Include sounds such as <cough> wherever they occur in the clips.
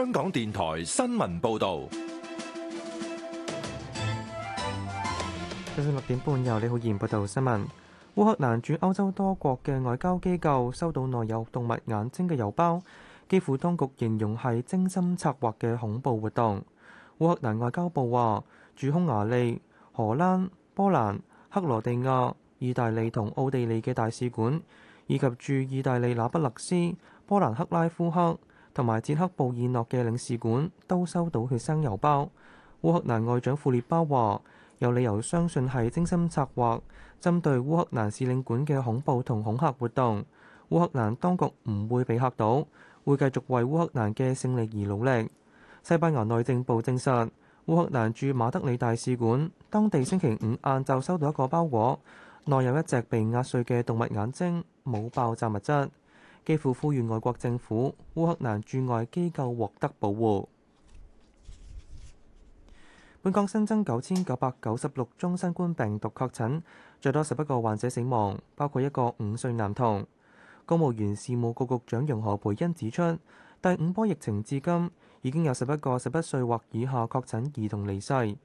香港電台新聞報道，早上六點半由李浩賢報道新聞。烏克蘭駐歐洲多國嘅外交機構收到內有動物眼睛嘅郵包，基輔當局形容係精心策劃嘅恐怖活動。烏克蘭外交部話，駐匈牙利、荷蘭、波蘭、克羅地亞、意大利同奧地利嘅大使館，以及駐意大利那不勒斯、波蘭克拉夫克。同埋捷克布爾諾嘅領事館都收到血腥郵包。烏克蘭外長庫列巴話：有理由相信係精心策劃針對烏克蘭使領館嘅恐怖同恐嚇活動。烏克蘭當局唔會被嚇到，會繼續為烏克蘭嘅勝利而努力。西班牙內政部證實，烏克蘭駐馬德里大使館當地星期五晏晝收到一個包裹，內有一隻被壓碎嘅動物眼睛，冇爆炸物質。幾乎呼籲外國政府烏克蘭駐外機構獲得保護。本港新增九千九百九十六宗新冠病毒確診，最多十一個患者死亡，包括一個五歲男童。公務員事務局局長楊何培恩指出，第五波疫情至今已經有十一個十一歲或以下確診兒童離世，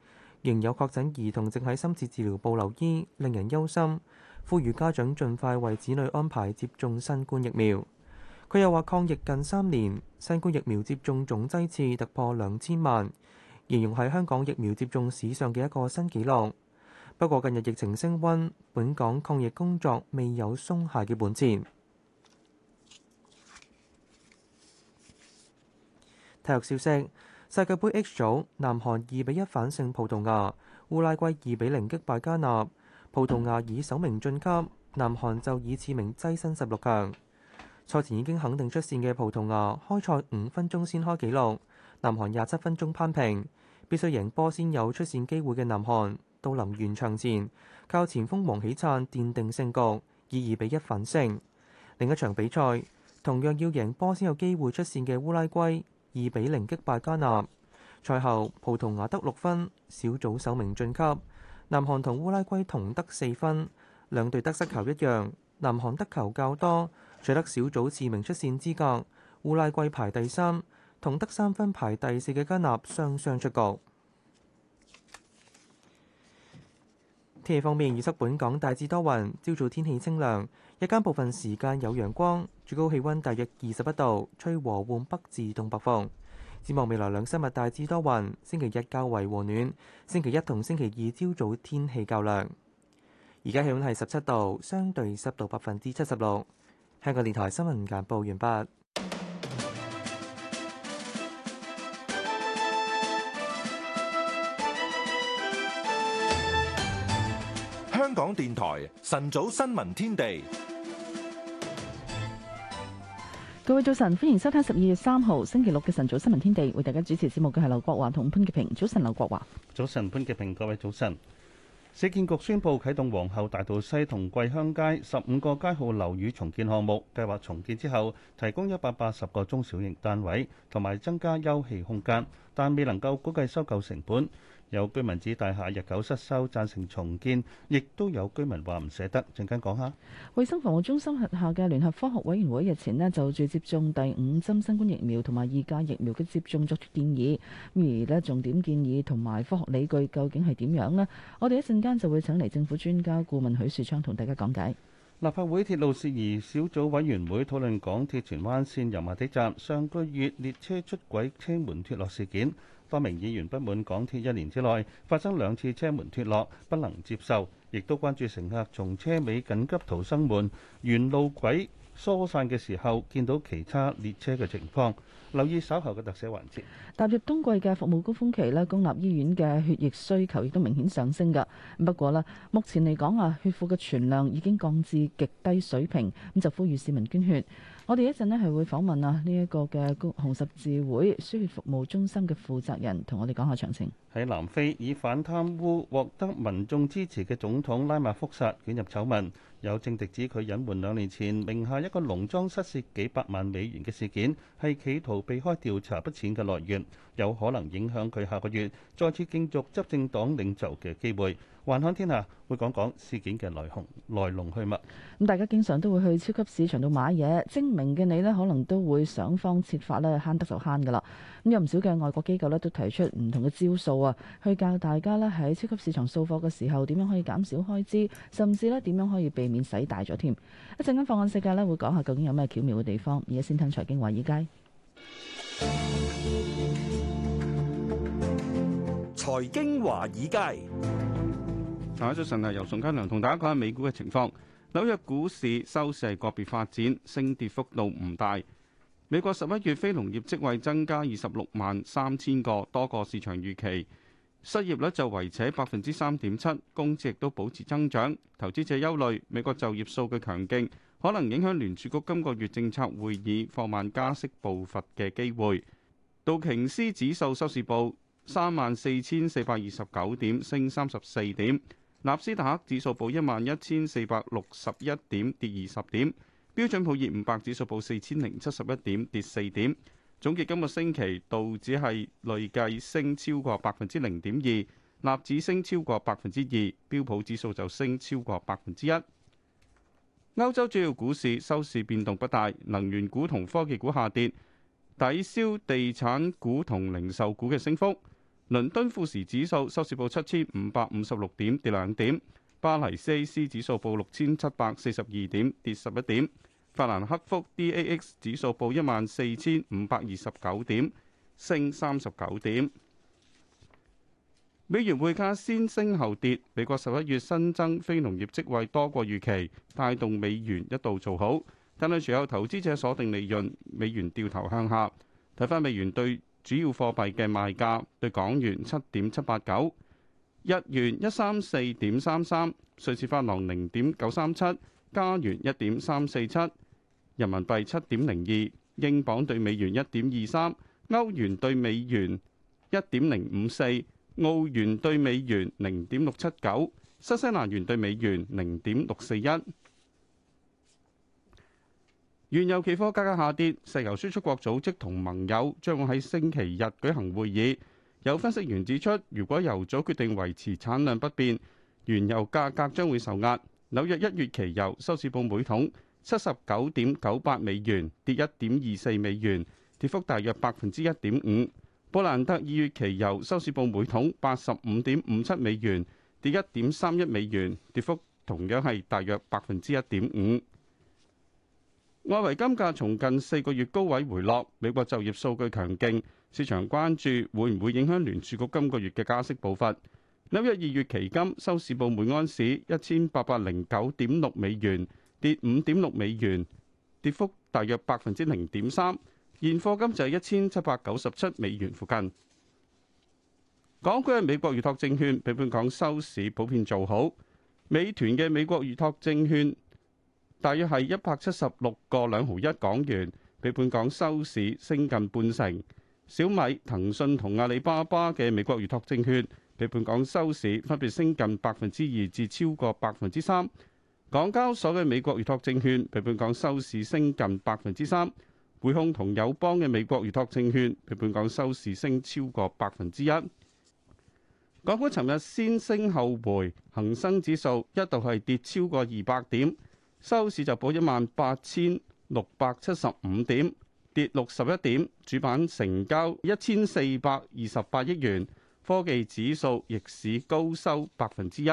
仍有確診兒童正喺深切治療部留醫，令人憂心。呼籲家長盡快為子女安排接種新冠疫苗。佢又話：抗疫近三年，新冠疫苗接種總劑次突破兩千萬，形容喺香港疫苗接種史上嘅一個新紀錄。不過近日疫情升溫，本港抗疫工作未有鬆懈嘅本錢。體育消息：世界杯 H 組，南韓二比一反勝葡萄牙，烏拉圭二比零擊敗加納，葡萄牙以首名晉級，南韓就以次名躋身十六強。賽前已經肯定出線嘅葡萄牙開賽五分鐘先開紀錄，南韓廿七分鐘攀平，必須贏波先有出線機會嘅南韓到臨完場前靠前鋒黃喜燦奠定勝局，以二比一反勝。另一場比賽同樣要贏波先有機會出線嘅烏拉圭二比零擊敗加納。賽後葡萄牙得六分，小組首名晉級；南韓同烏拉圭同得四分，兩隊得失球一樣，南韓得球較多，取得小組次名出線資格，烏拉圭排第三，同得三分排第四嘅加納雙雙出局。天氣方面預測，本港大致多雲，朝早天氣清涼，日間部分時間有陽光，最高氣温大約二十一度，吹和緩北至東北風。展望未來兩三日大致多雲，星期日較為和暖，星期一同星期二朝早天氣較涼。而家氣温係十七度，相對濕度百分之七十六。香港電台新聞簡報完畢。香港電台晨早新聞天地，各位早晨，歡迎收聽十二月三號星期六嘅晨早新聞天地，為大家主持節目嘅係劉國華同潘潔平。早晨，劉國華。早晨，潘潔平。各位早晨。市建局宣布啟動皇后大道西同桂香街十五個街號樓宇重建項目，計劃重建之後提供一百八十個中小型單位同埋增加休憩空間，但未能夠估計收購成本。有居民指大廈日久失修，贊成重建，亦都有居民話唔捨得。陣間講下。衞生防護中心轄下嘅聯合科學委員會日前咧就住接種第五針新冠疫苗同埋二價疫苗嘅接種作出建議，而咧重點建議同埋科學理據究竟係點樣咧？我哋一陣間就會請嚟政府專家顧問許樹昌同大家講解。立法會鐵路事宜小組委員會討論港鐵荃灣線油麻地站上個月列車出軌車門脫落事件。多名議員不滿港鐵一年之內發生兩次車門脫落，不能接受，亦都關注乘客從車尾緊急逃生門沿路軌疏散嘅時候，見到其他列車嘅情況，留意稍後嘅特寫環節。踏入冬季嘅服務高峰期呢，公立醫院嘅血液需求亦都明顯上升㗎。不過呢，目前嚟講啊，血庫嘅存量已經降至極低水平，咁就呼籲市民捐血。我哋一陣咧係會訪問啊呢一個嘅紅十字會輸血服務中心嘅負責人，同我哋講下詳情。喺南非，以反貪污獲得民眾支持嘅總統拉馬福薩捲入醜聞，有政敵指佢隱瞞兩年前名下一個農莊失竊幾百萬美元嘅事件，係企圖避開調查筆錢嘅來源，有可能影響佢下個月再次競逐執政黨領袖嘅機會。環球天下會講講事件嘅來紅來龍去脈。咁大家經常都會去超級市場度買嘢，精明嘅你呢可能都會想方設法呢慳得就慳㗎喇。咁有唔少嘅外國機構呢都提出唔同嘅招數啊，去教大家呢喺超級市場掃貨嘅時候點樣可以減少開支，甚至呢點樣可以避免使大咗添。一陣間放眼世界呢，會講下究竟有咩巧妙嘅地方，而家先聽財經華爾街。財經華爾街。大家早晨，由宋嘉良同大家講下美股嘅情況。紐約股市收市係個別發展，升跌幅度唔大。美國十一月非農業職位增加二十六萬三千個，多過市場預期。失業率就維持喺百分之三點七，工資亦都保持增長。投資者憂慮美國就業數據強勁，可能影響聯儲局今個月政策會議放慢加息步伐嘅機會。道瓊斯指數收市報三萬四千四百二十九點，升三十四點。納斯達克指數報一萬一千四百六十一點，跌二十點。標準普爾五百指數報四千零七十一點，跌四點。總結今個星期道指係累計升超過百分之零點二，納指升超過百分之二，標普指數就升超過百分之一。歐洲主要股市收市變動不大，能源股同科技股下跌，抵消地產股同零售股嘅升幅。倫敦富時指數收市報7556點，跌兩點；巴黎 CAC 指數報6742點，跌十一點；法蘭克福 DAX 指數報14529點，升三十九點。美元匯價先升後跌，美國十一月新增非農業職位多過預期，帶動美元一度做好，但係隨後投資者鎖定利潤，美元掉頭向下。睇翻美元對。主要貨幣嘅賣價對港元七點七八九，日元一三四點三三，瑞士法郎零點九三七，加元一點三四七，人民幣七點零二，英鎊對美元一點二三，歐元對美元一點零五四，澳元對美元零點六七九，新西蘭元對美元零點六四一。原油期貨價格下跌，石油輸出國組織同盟友將會喺星期日舉行會議。有分析員指出，如果油組決定維持產量不變，原油價格將會受壓。紐約一月期油收市報每桶七十九點九八美元，跌一點二四美元，跌幅大約百分之一點五。布蘭特二月期油收市報每桶八十五點五七美元，跌一點三一美元，跌幅同樣係大約百分之一點五。外圍金價從近四個月高位回落，美國就業數據強勁，市場關注會唔會影響聯儲局今個月嘅加息步伐。紐約二月期金收市報每安士一千八百零九點六美元，跌五點六美元，跌幅大約百分之零點三。現貨金就係一千七百九十七美元附近。港股嘅美國預託證券，比本港收市普遍做好。美團嘅美國預託證券。大約係一百七十六個兩毫一港元，比本港收市升近半成。小米、騰訊同阿里巴巴嘅美國預託證券，比本港收市分別升近百分之二至超過百分之三。港交所嘅美國預託證券，比本港收市升近百分之三。匯控同友邦嘅美國預託證券，比本港收市升超過百分之一。港股尋日先升後回，恒生指數一度係跌超過二百點，收市就報一萬八千六百七十五點，跌六十一點。主板成交一千四百二十八億元，科技指數逆市高收百分之一。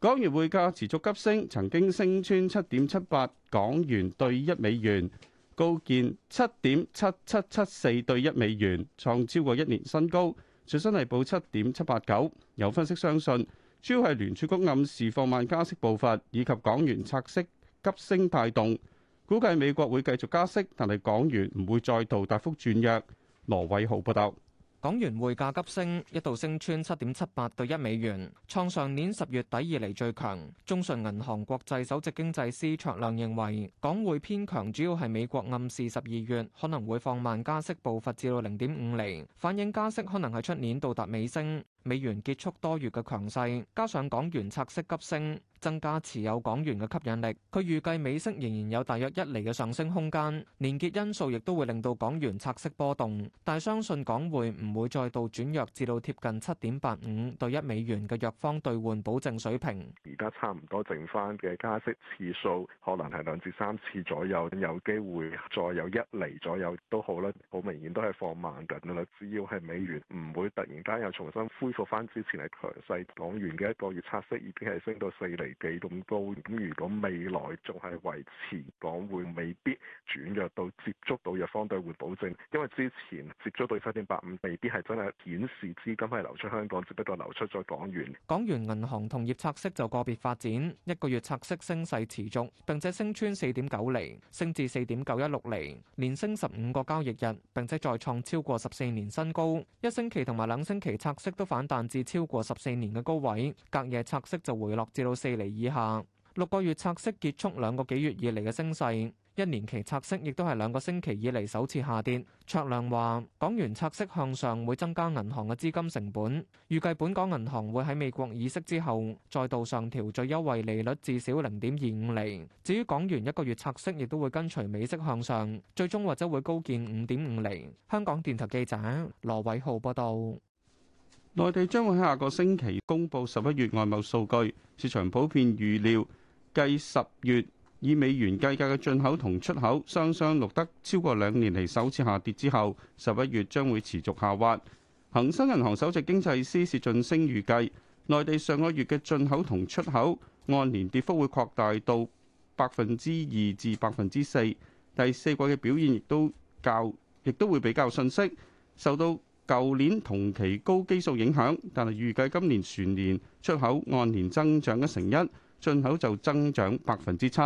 港元匯價持續急升，曾經升穿七點七八港元兌一美元，高見七點七七七四兌一美元，創超過一年新高，最新係報七點七八九。有分析相信，主要係聯儲局暗示放慢加息步伐，以及港元拆息急升帶動。估計美國會繼續加息，但係港元唔會再度大幅轉弱。羅偉豪報道，港元匯價急升，一度升穿七點七八對一美元，創上年十月底以嚟最強。中信銀行國際首席經濟師卓亮認為，港匯偏強主要係美國暗示十二月可能會放慢加息步伐至到零點五厘，反映加息可能係出年到達尾聲。美元結束多月嘅強勢，加上港元拆息急升，增加持有港元嘅吸引力。佢預計美息仍然有大約一厘嘅上升空間，年結因素亦都會令到港元拆息波動，但相信港匯唔會再度轉弱，至到貼近七點八五對一美元嘅弱方兌換保證水平。而家差唔多剩翻嘅加息次數，可能係兩至三次左右，有機會再有一厘左右都好啦。好明顯都係放慢緊啦，只要係美元唔會突然間又重新恢復翻之前係強勢港元嘅一個月拆息已經係升到四厘幾咁高，咁如果未來仲係維持港匯未必轉弱到接觸到弱方兌換保證，因為之前接觸到七點八五，未必係真係顯示資金係流出香港，只不過流出咗港元。港元銀行同業拆息就個別發展，一個月拆息升勢持續，並且升穿四點九厘，升至四點九一六厘，連升十五個交易日，並且再創超過十四年新高。一星期同埋兩星期拆息都反。但至超過十四年嘅高位，隔夜拆息就回落至到四厘以下。六個月拆息結束兩個幾月以嚟嘅升勢，一年期拆息亦都係兩個星期以嚟首次下跌。卓亮話：港元拆息向上會增加銀行嘅資金成本，預計本港銀行會喺美國議息之後再度上調最優惠利率至少零點二五厘。至於港元一個月拆息亦都會跟隨美息向上，最終或者會高見五點五厘。香港電台記者羅偉浩報道。內地將會喺下個星期公布十一月外貿數據，市場普遍預料，繼十月以美元計價嘅進口同出口雙雙錄得超過兩年嚟首次下跌之後，十一月將會持續下滑。恒生銀行首席經濟師薛俊升預計，內地上個月嘅進口同出口按年跌幅會擴大到百分之二至百分之四，第四季嘅表現亦都較，亦都會比較遜色，受到舊年同期高基數影響，但係預計今年全年出口按年增長一成一，進口就增長百分之七。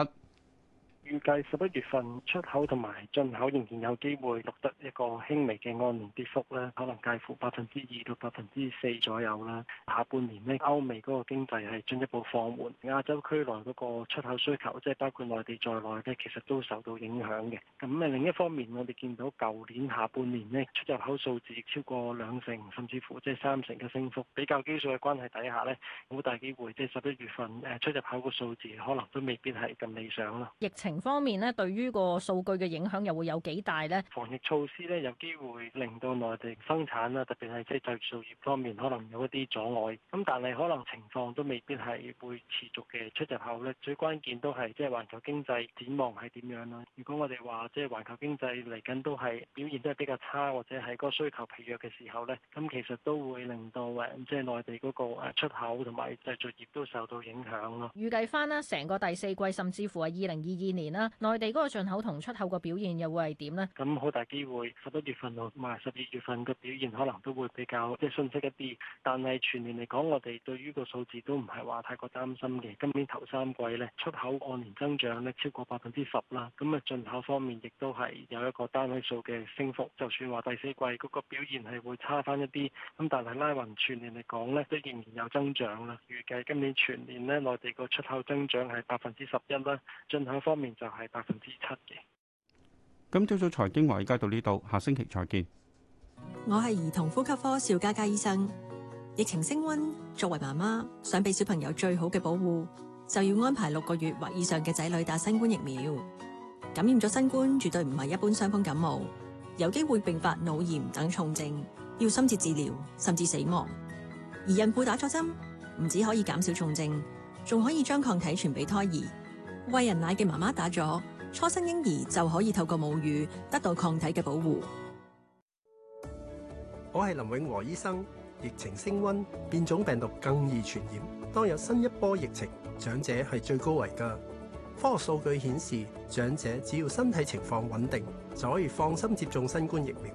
預計十一月份出口同埋進口仍然有機會錄得一個輕微嘅按年跌幅咧，可能介乎百分之二到百分之四左右啦。下半年呢，歐美嗰個經濟係進一步放緩，亞洲區內嗰個出口需求，即係包括內地在內咧，其實都受到影響嘅。咁誒另一方面，我哋見到舊年下半年呢，出入口數字超過兩成，甚至乎即係三成嘅升幅。比較基數嘅關係底下咧，好大機會即係十一月份誒出入口個數字可能都未必係咁理想咯。疫情。方面呢，對於個數據嘅影響又會有幾大呢？防疫措施呢，有機會令到內地生產啦，特別係製造業方面，可能有一啲阻礙。咁但係可能情況都未必係會持續嘅。出入口呢，最關鍵都係即係環球經濟展望係點樣啦？如果我哋話即係環球經濟嚟緊都係表現都係比較差，或者係嗰個需求疲弱嘅時候呢，咁其實都會令到誒即係內地嗰個出口同埋製造業都受到影響咯。預計翻啦，成個第四季甚至乎係二零二二年。啦，內地嗰個進口同出口個表現又會係點呢？咁好大機會，十一月份同埋十二月份嘅表現可能都會比較即係遜色一啲，但係全年嚟講，我哋對於個數字都唔係話太過擔心嘅。今年頭三季咧，出口按年增長咧超過百分之十啦，咁啊進口方面亦都係有一個單位數嘅升幅。就算話第四季嗰個表現係會差翻一啲，咁但係拉勻全年嚟講咧，都仍然有增長啦。預計今年全年咧，內地個出口增長係百分之十一啦，進口方面，就係百分之七嘅。今朝早財經華爾街到呢度，下星期再見。我係兒童呼吸科邵家家醫生。疫情升温，作為媽媽，想俾小朋友最好嘅保護，就要安排六個月或以上嘅仔女打新冠疫苗。感染咗新冠，絕對唔係一般傷風感冒，有機會併發腦炎等重症，要深切治療，甚至死亡。而孕婦打咗針，唔止可以減少重症，仲可以將抗體傳俾胎兒。餵人奶嘅媽媽打咗，初生嬰兒就可以透過母乳得到抗體嘅保護。我係林永和醫生。疫情升溫，變種病毒更易傳染。當有新一波疫情，長者係最高危噶。科學數據顯示，長者只要身體情況穩定，就可以放心接種新冠疫苗。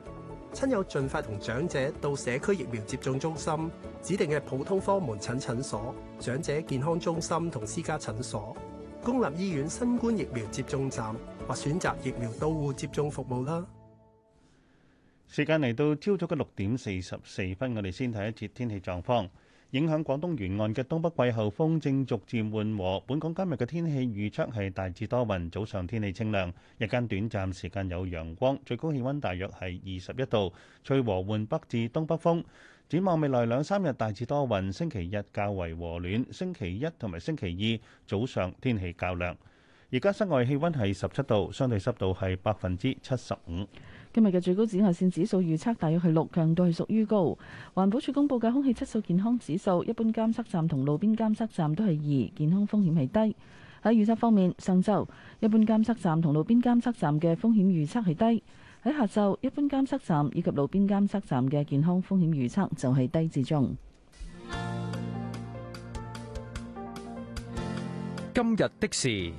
親友儘快同長者到社區疫苗接種中心、指定嘅普通科門診診所、長者健康中心同私家診所，公立醫院新冠疫苗接種站或選擇疫苗到戶接種服務啦。時間嚟到朝早嘅六點四十四分，我哋先睇一節天氣狀況。影響廣東沿岸嘅東北季候風正逐漸緩和，本港今日嘅天氣預測係大致多雲，早上天氣清涼，日間短暫時間有陽光，最高氣温大約係二十一度，吹和緩北至東北風。展望未來兩三日大致多雲，星期日較為和暖，星期一同埋星期二早上天氣較涼。而家室外氣溫係十七度，相對濕度係百分之七十五。今日嘅最高紫外線指數預測大約係六，強度係屬於高。環保署公布嘅空氣質素健康指數，一般監測站同路邊監測站都係二，健康風險係低。喺預測方面，上週一般監測站同路邊監測站嘅風險預測係低。喺下晝，一般監測站以及路邊監測站嘅健康風險預測就係低至中。今日的事，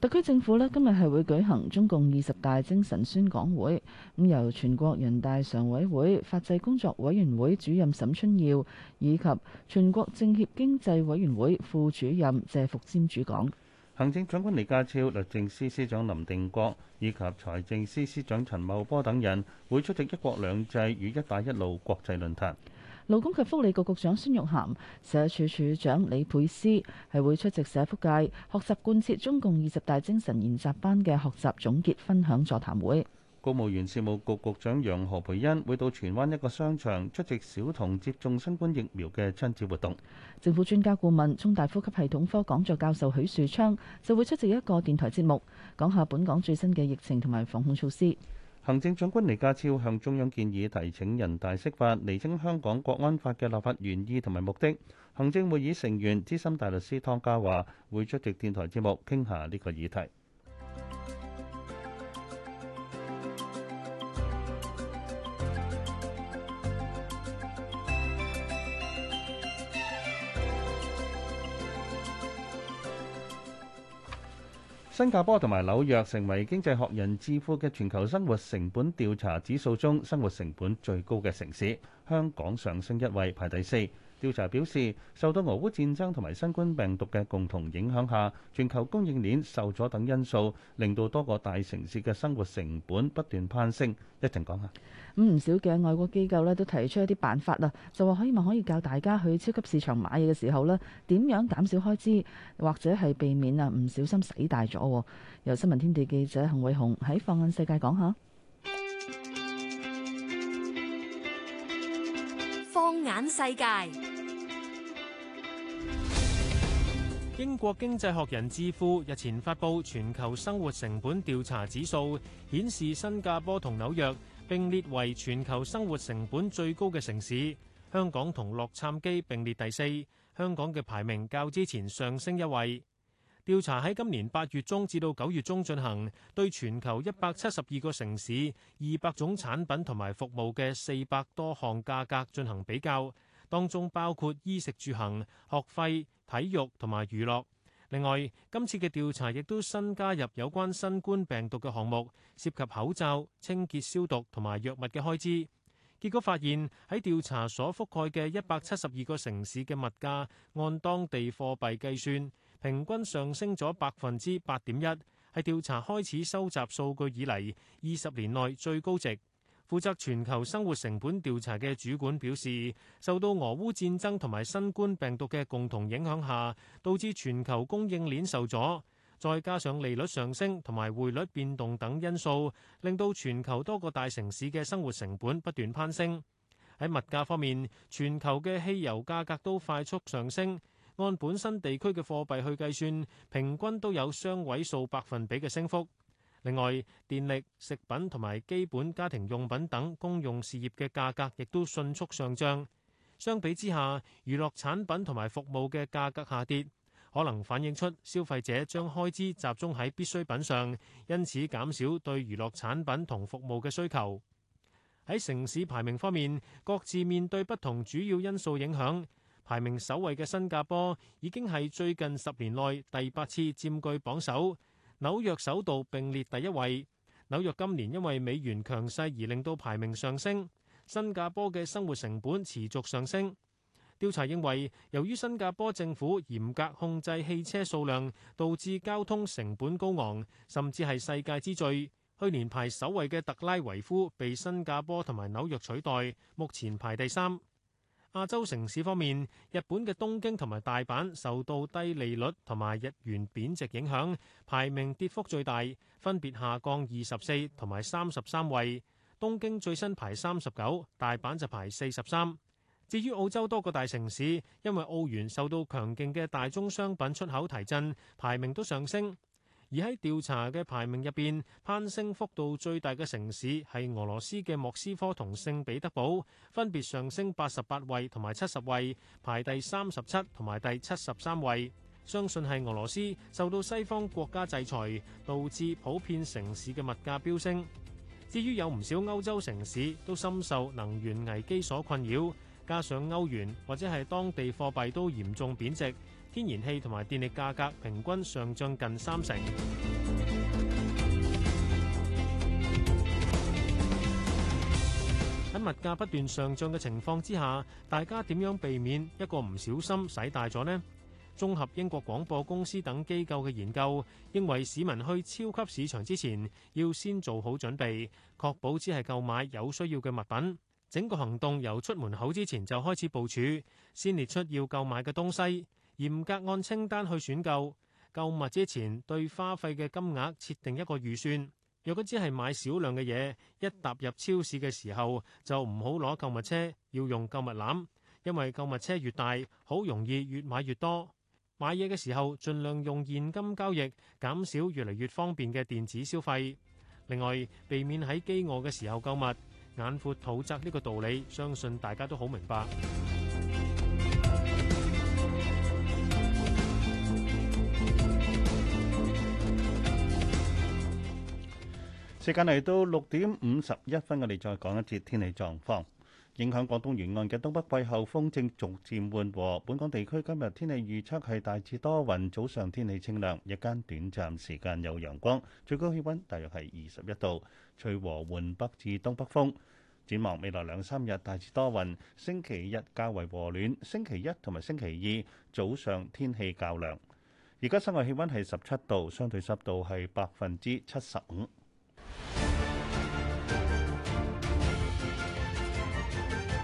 特區政府呢，今日係會舉行中共二十大精神宣講會，咁由全國人大常委會法制工作委員會主任沈春耀以及全國政協經濟委員會副主任謝伏瞻主講。行政長官李家超、律政司司長林定國以及財政司司長陳茂波等人會出席一國兩制與一帶一路國際論壇。勞工及福利局局長孫玉菡、社署署長李佩斯係會出席社福界學習貫徹中共二十大精神研習班嘅學習總結分享座談會。公務員事務局局長楊何蓓茵會到荃灣一個商場出席小童接種新冠疫苗嘅親子活動。政府專家顧問、中大呼吸系統科講座教授許樹昌就會出席一個電台節目，講下本港最新嘅疫情同埋防控措施。行政長官李家超向中央建議提請人大釋法釐清香港國安法嘅立法原意同埋目的。行政會議成員、資深大律師湯家驊會出席電台節目，傾下呢個議題。新加坡同埋紐約成為經濟學人智庫嘅全球生活成本調查指數中生活成本最高嘅城市。香港上升一位，排第四。調查表示，受到俄烏戰爭同埋新冠病毒嘅共同影響下，全球供應鏈受阻等因素，令到多個大城市嘅生活成本不斷攀升。一陣講下。咁唔少嘅外國機構呢都提出一啲辦法啦，就話希望可以教大家去超級市場買嘢嘅時候呢，點樣減少開支，或者係避免啊唔小心使大咗。由新聞天地記者洪偉雄喺放眼世界講下。玩世界。英國經濟學人智庫日前發布全球生活成本調查指數，顯示新加坡同紐約並列為全球生活成本最高嘅城市，香港同洛杉磯並列第四，香港嘅排名較之前上升一位。調查喺今年八月中至到九月中進行，對全球一百七十二個城市、二百種產品同埋服務嘅四百多項價格進行比較，當中包括衣食住行、學費、體育同埋娛樂。另外，今次嘅調查亦都新加入有關新冠病毒嘅項目，涉及口罩、清潔消毒同埋藥物嘅開支。結果發現，喺調查所覆蓋嘅一百七十二個城市嘅物價，按當地貨幣計算，平均上升咗百分之八點一，係調查開始收集數據以嚟二十年內最高值。負責全球生活成本調查嘅主管表示，受到俄烏戰爭同埋新冠病毒嘅共同影響下，導致全球供應鏈受阻，再加上利率上升同埋匯率變動等因素，令到全球多個大城市嘅生活成本不斷攀升。喺物價方面，全球嘅汽油價格都快速上升。按本身地區嘅貨幣去計算，平均都有雙位數百分比嘅升幅。另外，電力、食品同埋基本家庭用品等公用事業嘅價格亦都迅速上漲。相比之下，娛樂產品同埋服務嘅價格下跌，可能反映出消費者將開支集中喺必需品上，因此減少對娛樂產品同服務嘅需求。喺城市排名方面，各自面對不同主要因素影響。排名首位嘅新加坡已經係最近十年內第八次占據榜首，紐約首度并列第一位。紐約今年因為美元強勢而令到排名上升。新加坡嘅生活成本持續上升，調查認為由於新加坡政府嚴格控制汽車數量，導致交通成本高昂，甚至係世界之最。去年排首位嘅特拉維夫被新加坡同埋紐約取代，目前排第三。亞洲城市方面，日本嘅東京同埋大阪受到低利率同埋日元貶值影響，排名跌幅最大，分別下降二十四同埋三十三位。東京最新排三十九，大阪就排四十三。至於澳洲多個大城市，因為澳元受到強勁嘅大宗商品出口提振，排名都上升。而喺調查嘅排名入邊，攀升幅度最大嘅城市係俄羅斯嘅莫斯科同聖彼得堡，分別上升八十八位同埋七十位，排第三十七同埋第七十三位。相信係俄羅斯受到西方國家制裁，導致普遍城市嘅物價飆升。至於有唔少歐洲城市都深受能源危機所困擾，加上歐元或者係當地貨幣都嚴重貶值。天然氣同埋電力價格平均上漲近三成。喺物價不斷上漲嘅情況之下，大家點樣避免一個唔小心使大咗呢？綜合英國廣播公司等機構嘅研究，認為市民去超級市場之前要先做好準備，確保只係購買有需要嘅物品。整個行動由出門口之前就開始部署，先列出要購買嘅東西。嚴格按清單去選購，購物之前對花費嘅金額設定一個預算。若果只係買少量嘅嘢，一踏入超市嘅時候，就唔好攞購物車，要用購物籃，因為購物車越大，好容易越買越多。買嘢嘅時候，盡量用現金交易，減少越嚟越方便嘅電子消費。另外，避免喺飢餓嘅時候購物，眼闊肚窄呢個道理，相信大家都好明白。時間嚟到六點五十一分，我哋再講一節天氣狀況。影響廣東沿岸嘅東北季候風正逐漸緩和，本港地區今日天氣預測係大致多雲，早上天氣清涼，日間短暫時間有陽光，最高氣温大約係二十一度，吹和緩北至東北風。展望未來兩三日大致多雲，星期日較為和暖，星期一同埋星期二早上天氣較涼。而家室外氣温係十七度，相對濕度係百分之七十五。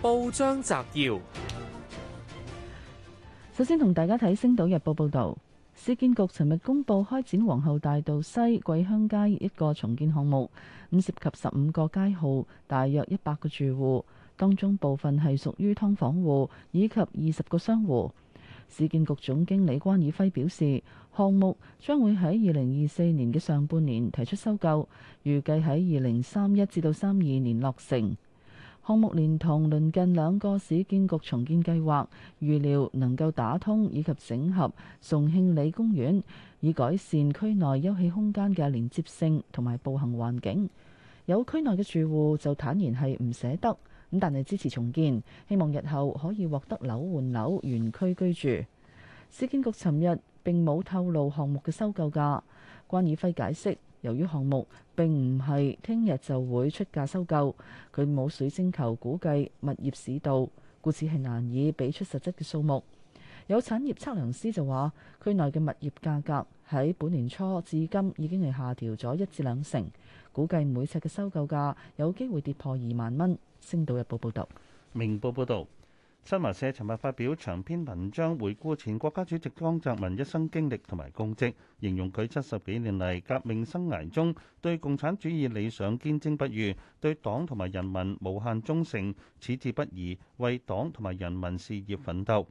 報章摘要：首先同大家睇《星島日報》報道，市建局尋日公布開展皇后大道西桂香街一個重建項目，咁涉及十五個街號，大約一百個住戶，當中部分係屬於劏房戶以及二十個商戶。市建局總經理關以輝表示，項目將會喺二零二四年嘅上半年提出收購，預計喺二零三一至到三二年落成。項目連同鄰近兩個市建局重建計劃，預料能夠打通以及整合崇慶里公園，以改善區內休憩空間嘅連接性同埋步行環境。有區內嘅住戶就坦言係唔捨得，咁但係支持重建，希望日後可以獲得樓換樓、原區居住。市建局尋日並冇透露項目嘅收購價。關以輝解釋。由於項目並唔係聽日就會出價收購，佢冇水晶球估計物業市道，故此係難以俾出實質嘅數目。有產業測量師就話，區內嘅物業價格喺本年初至今已經係下調咗一至兩成，估計每尺嘅收購價有機會跌破二萬蚊。星島日報報道。明報報道。新華社尋日發表長篇文章，回顧前國家主席江澤民一生經歷同埋功績，形容佢七十幾年嚟革命生涯中，對共產主義理想堅貞不渝，對黨同埋人民無限忠誠，矢志不移，為黨同埋人民事業奮鬥。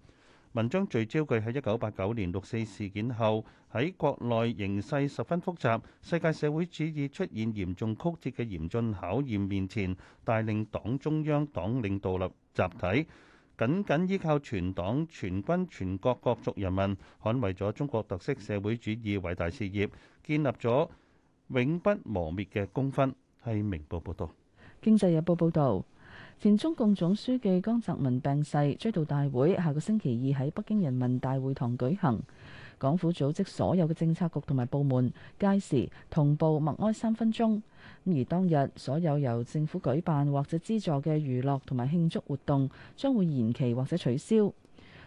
文章聚焦佢喺一九八九年六四事件後，喺國內形勢十分複雜、世界社會主義出現嚴重曲折嘅嚴峻考驗面前，帶領黨中央黨領導立集體。緊緊依靠全黨全軍全國各族人民，捍衛咗中國特色社會主義偉大事業，建立咗永不磨滅嘅功勳。係明報報導，《經濟日報》報道：前中共總書記江澤民病逝追悼大會下個星期二喺北京人民大會堂舉行。港府組織所有嘅政策局同埋部門屆時同步默哀三分鐘。而當日所有由政府舉辦或者資助嘅娛樂同埋慶祝活動將會延期或者取消。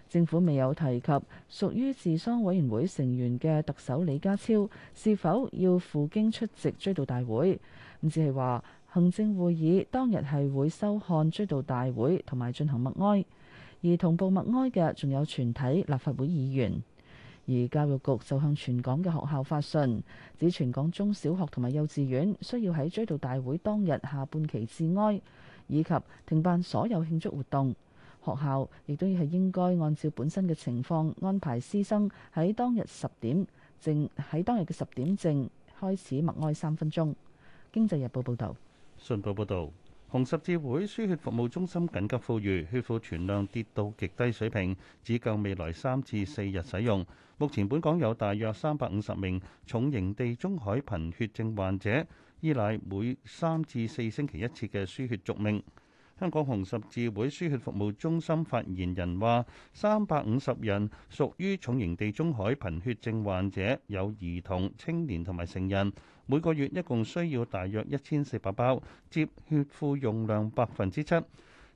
政府未有提及屬於治喪委員會成員嘅特首李家超是否要赴京出席追悼大會。咁只係話行政會議當日係會收看追悼大會同埋進行默哀，而同步默哀嘅仲有全體立法會議員。而教育局就向全港嘅學校發信，指全港中小學同埋幼稚園需要喺追悼大會當日下半期致哀，以及停辦所有慶祝活動。學校亦都要係應該按照本身嘅情況安排師生喺當日十點正，喺當日嘅十點正開始默哀三分鐘。經濟日報報導，信報報導，紅十字會輸血服務中心緊急呼籲，血庫存量跌到極低水平，只夠未來三至四日使用。目前本港有大約三百五十名重型地中海貧血症患者，依賴每三至四星期一次嘅輸血續命。香港紅十字會輸血服務中心發言人話，三百五十人屬於重型地中海貧血症患者，有兒童、青年同埋成人，每個月一共需要大約一千四百包，佔血庫用量百分之七。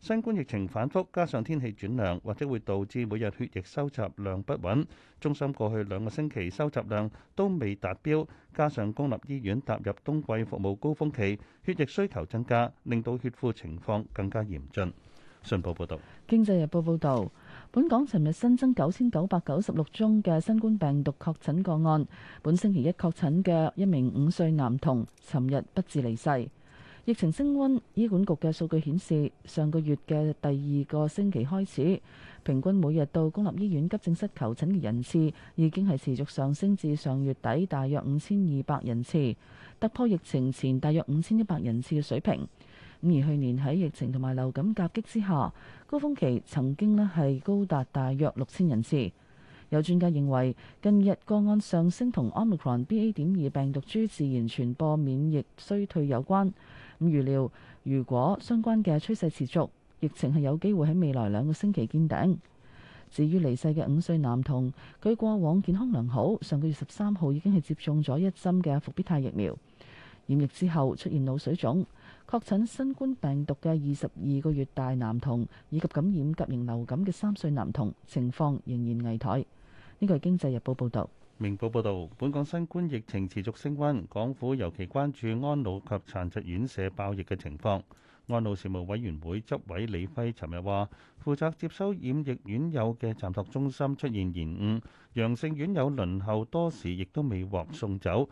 新冠疫情反覆，加上天氣轉涼，或者會導致每日血液收集量不穩。中心過去兩個星期收集量都未達標，加上公立醫院踏入冬季服務高峯期，血液需求增加，令到血庫情況更加嚴峻。信報報導，《經濟日報》報導，本港尋日新增9,996宗嘅新冠病毒確診個案。本星期一確診嘅一名五歲男童，尋日不治離世。疫情升溫，醫管局嘅數據顯示，上個月嘅第二個星期開始，平均每日到公立醫院急症室求診嘅人次已經係持續上升，至上月底大約五千二百人次，突破疫情前大約五千一百人次嘅水平。咁而去年喺疫情同埋流感夾擊之下，高峰期曾經咧係高達大約六千人次。有專家認為，近日個案上升同 Omicron BA.2 病毒株自然傳播免疫衰退有關。咁預料，如果相關嘅趨勢持續，疫情係有機會喺未來兩個星期見頂。至於離世嘅五歲男童，佢過往健康良好，上個月十三號已經係接種咗一針嘅復必泰疫苗，染疫之後出現腦水腫，確診新冠病毒嘅二十二個月大男童以及感染甲型流感嘅三歲男童，情況仍然危殆。呢個係《經濟日報》報導。明報報導，本港新冠疫情持續升温，港府尤其關注安老及殘疾院舍爆疫嘅情況。安老事務委員會執委李輝尋日話，負責接收染疫院友嘅暫託中心出現延誤，陽性院友輪候多時，亦都未獲送走，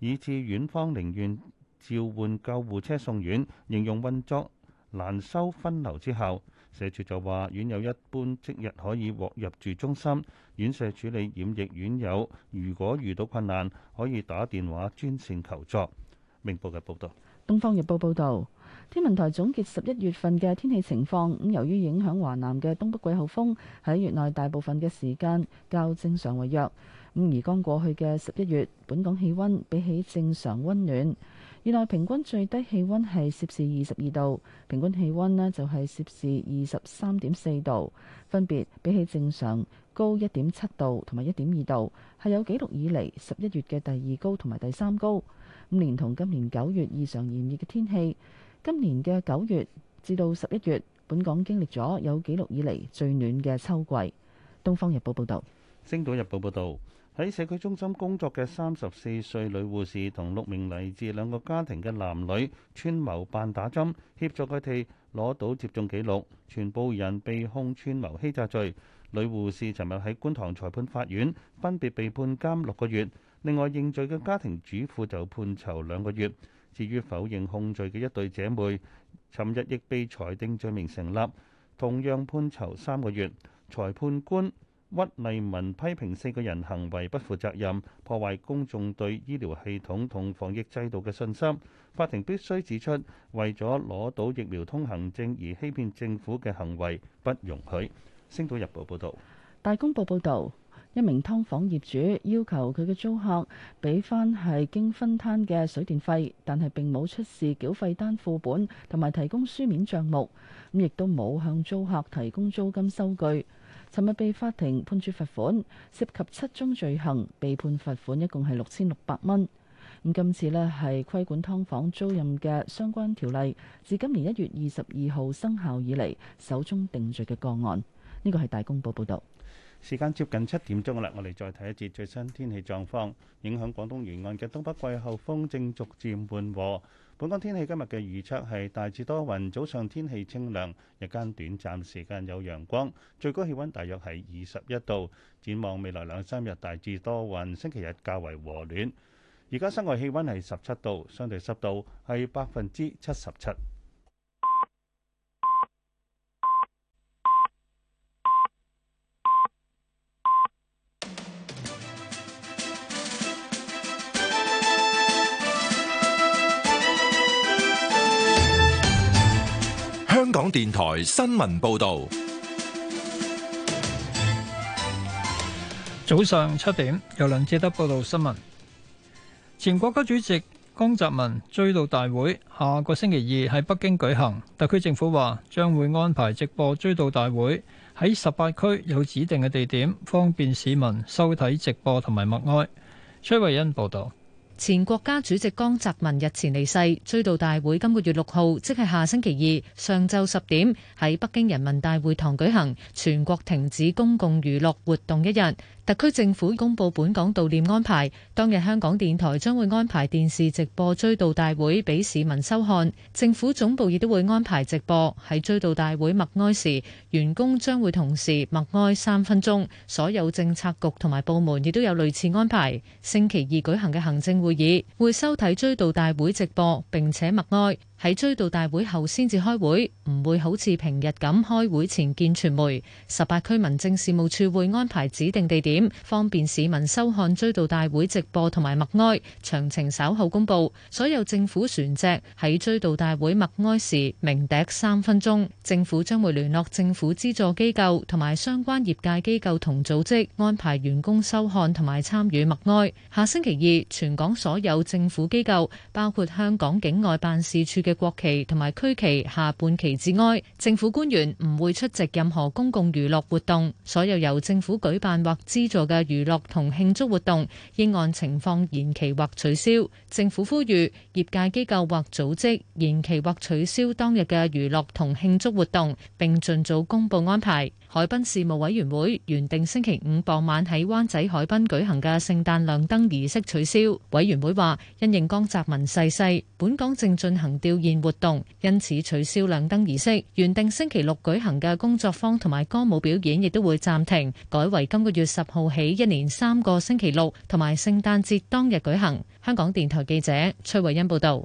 以致院方寧願召喚救護車送院，形容運作難收分流。之後，社署就話院友一般即日可以獲入住中心。院舍處理染疫院友，如果遇到困難，可以打電話專線求助。明報嘅報道，《東方日報》報道天文台總結十一月份嘅天氣情況。咁由於影響華南嘅東北季候風喺月內大部分嘅時間較正常為弱。咁而剛過去嘅十一月，本港氣温比起正常温暖，月內平均最低氣温係攝氏二十二度，平均氣温呢就係攝氏二十三點四度，分別比起正常，1> 高一點七度同埋一點二度係有紀錄以嚟十一月嘅第二高同埋第三高，五年同今年九月異常炎熱嘅天氣，今年嘅九月至到十一月，本港經歷咗有紀錄以嚟最暖嘅秋季。《東方日報》報道。《星島日報》報道，喺社區中心工作嘅三十四歲女護士同六名嚟自兩個家庭嘅男女串謀扮打針，協助佢哋攞到接種記錄，全部人被控串謀欺詐罪。女護士尋日喺觀塘裁判法院分別被判監六個月，另外認罪嘅家庭主婦就判囚兩個月。至於否認控罪嘅一對姐妹，尋日亦被裁定罪名成立，同樣判囚三個月。裁判官屈麗文批評四個人行為不負責任，破壞公眾對醫療系統同防疫制度嘅信心。法庭必須指出，為咗攞到疫苗通行證而欺騙政府嘅行為不容許。星島日報報導，大公報報導，一名劏房業主要求佢嘅租客俾翻係經分攤嘅水電費，但係並冇出示繳費單副本，同埋提供書面帳目，咁亦都冇向租客提供租金收據。尋日被法庭判處罰款，涉及七宗罪行，被判罰款一共係六千六百蚊。咁今次呢係規管劏房租賃嘅相關條例，自今年一月二十二號生效以嚟首宗定罪嘅個案。呢個係大公報報道。時間接近七點鐘啦，我哋再睇一節最新天氣狀況。影響廣東沿岸嘅東北季候風正逐漸緩和。本港天氣今日嘅預測係大致多雲，早上天氣清涼，日間短暫時間有陽光，最高氣溫大約係二十一度。展望未來兩三日大致多雲，星期日較為和暖。而家室外氣溫係十七度，相對濕度係百分之七十七。香港電台新聞報道，早上七點有梁志德報道新聞。前國家主席江澤民追悼大會下個星期二喺北京舉行，特區政府話將會安排直播追悼大會，喺十八區有指定嘅地點，方便市民收睇直播同埋默哀。崔慧恩報道。前國家主席江澤民日前離世，追悼大會今個月六號，即係下星期二，上晝十點，喺北京人民大會堂舉行，全國停止公共娛樂活動一日。特區政府公布，本港悼念安排，當日香港電台將會安排電視直播追悼大會俾市民收看，政府總部亦都會安排直播。喺追悼大會默哀時，員工將會同時默哀三分鐘，所有政策局同埋部門亦都有類似安排。星期二舉行嘅行政會議會收睇追悼大會直播，並且默哀。喺追悼大會後先至開會，唔會好似平日咁開會前見傳媒。十八區民政事務處會安排指定地點，方便市民收看追悼大會直播同埋默哀。詳情稍後公布，所有政府船隻，喺追悼大會默哀時鳴笛三分鐘，政府將會聯絡政府資助機構同埋相關業界機構同組織安排員工收看同埋參與默哀。下星期二，全港所有政府機構，包括香港境外辦事處嘅。嘅國旗同埋區旗下半旗致哀，政府官員唔會出席任何公共娛樂活動，所有由政府舉辦或資助嘅娛樂同慶祝活動應按情況延期或取消。政府呼籲業界機構或組織延期或取消當日嘅娛樂同慶祝活動，並盡早公布安排。海濱事務委員會原定星期五傍晚喺灣仔海濱舉行嘅聖誕亮燈儀式取消。委員會話，因應江澤民逝世，本港正進行弔唁活動，因此取消亮燈儀式。原定星期六舉行嘅工作坊同埋歌舞表演亦都會暫停，改為今個月十號起一連三個星期六同埋聖誕節當日舉行。香港電台記者崔慧欣報道。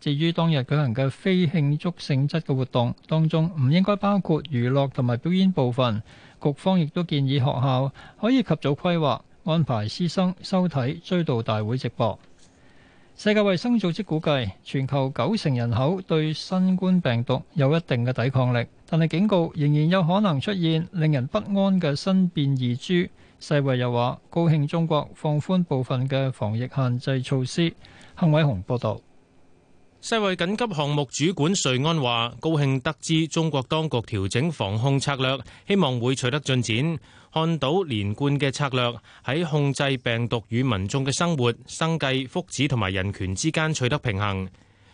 至於當日舉行嘅非慶祝性質嘅活動，當中唔應該包括娛樂同埋表演部分。局方亦都建議學校可以及早規劃安排師生收睇追悼大會直播。世界衛生組織估計全球九成人口對新冠病毒有一定嘅抵抗力，但係警告仍然有可能出現令人不安嘅新變異株。世衛又話高興中國放寬部分嘅防疫限制措施。幸偉雄報導。世衛緊急項目主管瑞安話，高興得知中國當局調整防控策略，希望會取得進展，看到連貫嘅策略喺控制病毒與民眾嘅生活、生計、福祉同埋人權之間取得平衡。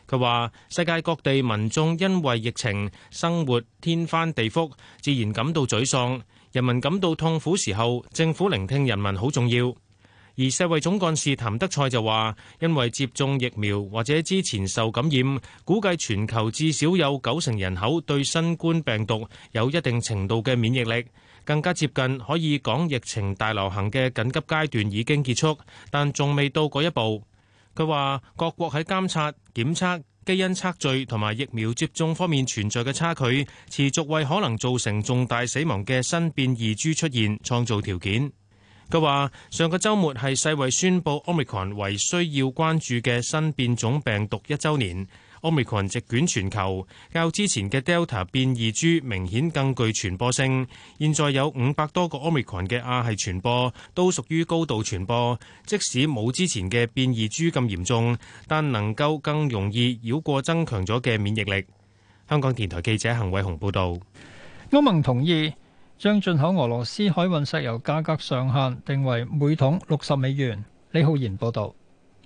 佢話，世界各地民眾因為疫情生活天翻地覆，自然感到沮喪。人民感到痛苦時候，政府聆聽人民好重要。而世衛總幹事譚德塞就話，因為接種疫苗或者之前受感染，估計全球至少有九成人口對新冠病毒有一定程度嘅免疫力，更加接近可以講疫情大流行嘅緊急階段已經結束，但仲未到嗰一步。佢話各國喺監察、檢測、基因測序同埋疫苗接種方面存在嘅差距，持續為可能造成重大死亡嘅新變異株出現創造條件。佢話：上個週末係世衞宣布 Omicron 為需要關注嘅新變種病毒一週年，Omicron 席捲全球，較之前嘅 Delta 變異株明顯更具傳播性。現在有五百多個 Omicron 嘅亞系傳播，都屬於高度傳播。即使冇之前嘅變異株咁嚴重，但能夠更容易繞過增強咗嘅免疫力。香港電台記者陳偉雄報道：「歐盟同意，將進口俄羅斯海運石油價格上限定為每桶六十美元。李浩然報道。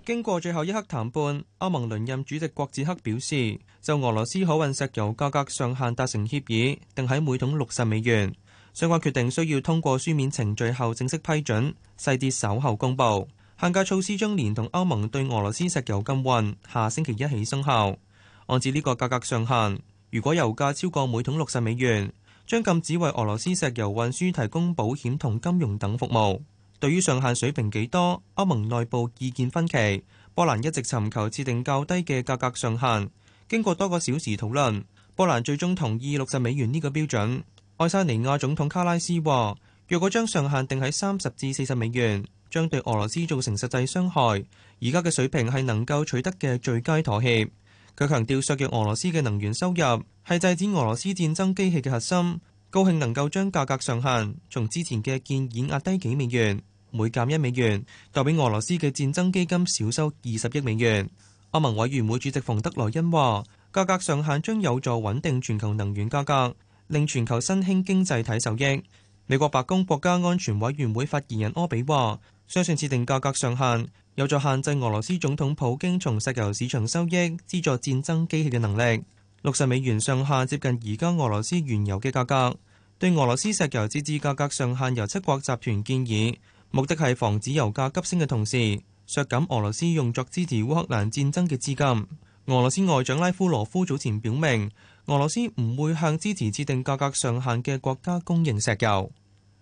經過最後一刻談判，歐盟輪任主席國捷克表示，就俄羅斯海運石油價格上限達成協議，定喺每桶六十美元。相關決定需要通過書面程序後正式批准，細節稍後公布。限價措施將連同歐盟對俄羅斯石油禁運下星期一起生效。按照呢個價格上限，如果油價超過每桶六十美元，將禁止為俄羅斯石油運輸提供保險同金融等服務。對於上限水平幾多，歐盟內部意見分歧。波蘭一直尋求設定較低嘅價格上限。經過多個小時討論，波蘭最終同意六十美元呢個標準。愛沙尼亞總統卡拉斯話，若果將上限定喺三十至四十美元，將對俄羅斯造成實際傷害。而家嘅水平係能夠取得嘅最佳妥協。佢強調削弱俄羅斯嘅能源收入係制止俄羅斯戰爭機器嘅核心，高興能夠將價格上限從之前嘅建議壓低幾美元，每減一美元就比俄羅斯嘅戰爭基金少收二十億美元。歐盟委員會主席馮德萊恩話：價格上限將有助穩定全球能源價格，令全球新興經濟體受益。美國白宮國家安全委員會發言人柯比話。相信設定價格上限有助限制俄羅斯總統普京從石油市場收益、資助戰爭機器嘅能力。六十美元上限接近而家俄羅斯原油嘅價格，對俄羅斯石油支持價格上限由七國集團建議，目的係防止油價急升嘅同時，削減俄羅斯用作支持烏克蘭戰爭嘅資金。俄羅斯外長拉夫羅夫早前表明，俄羅斯唔會向支持設定價格上限嘅國家供應石油。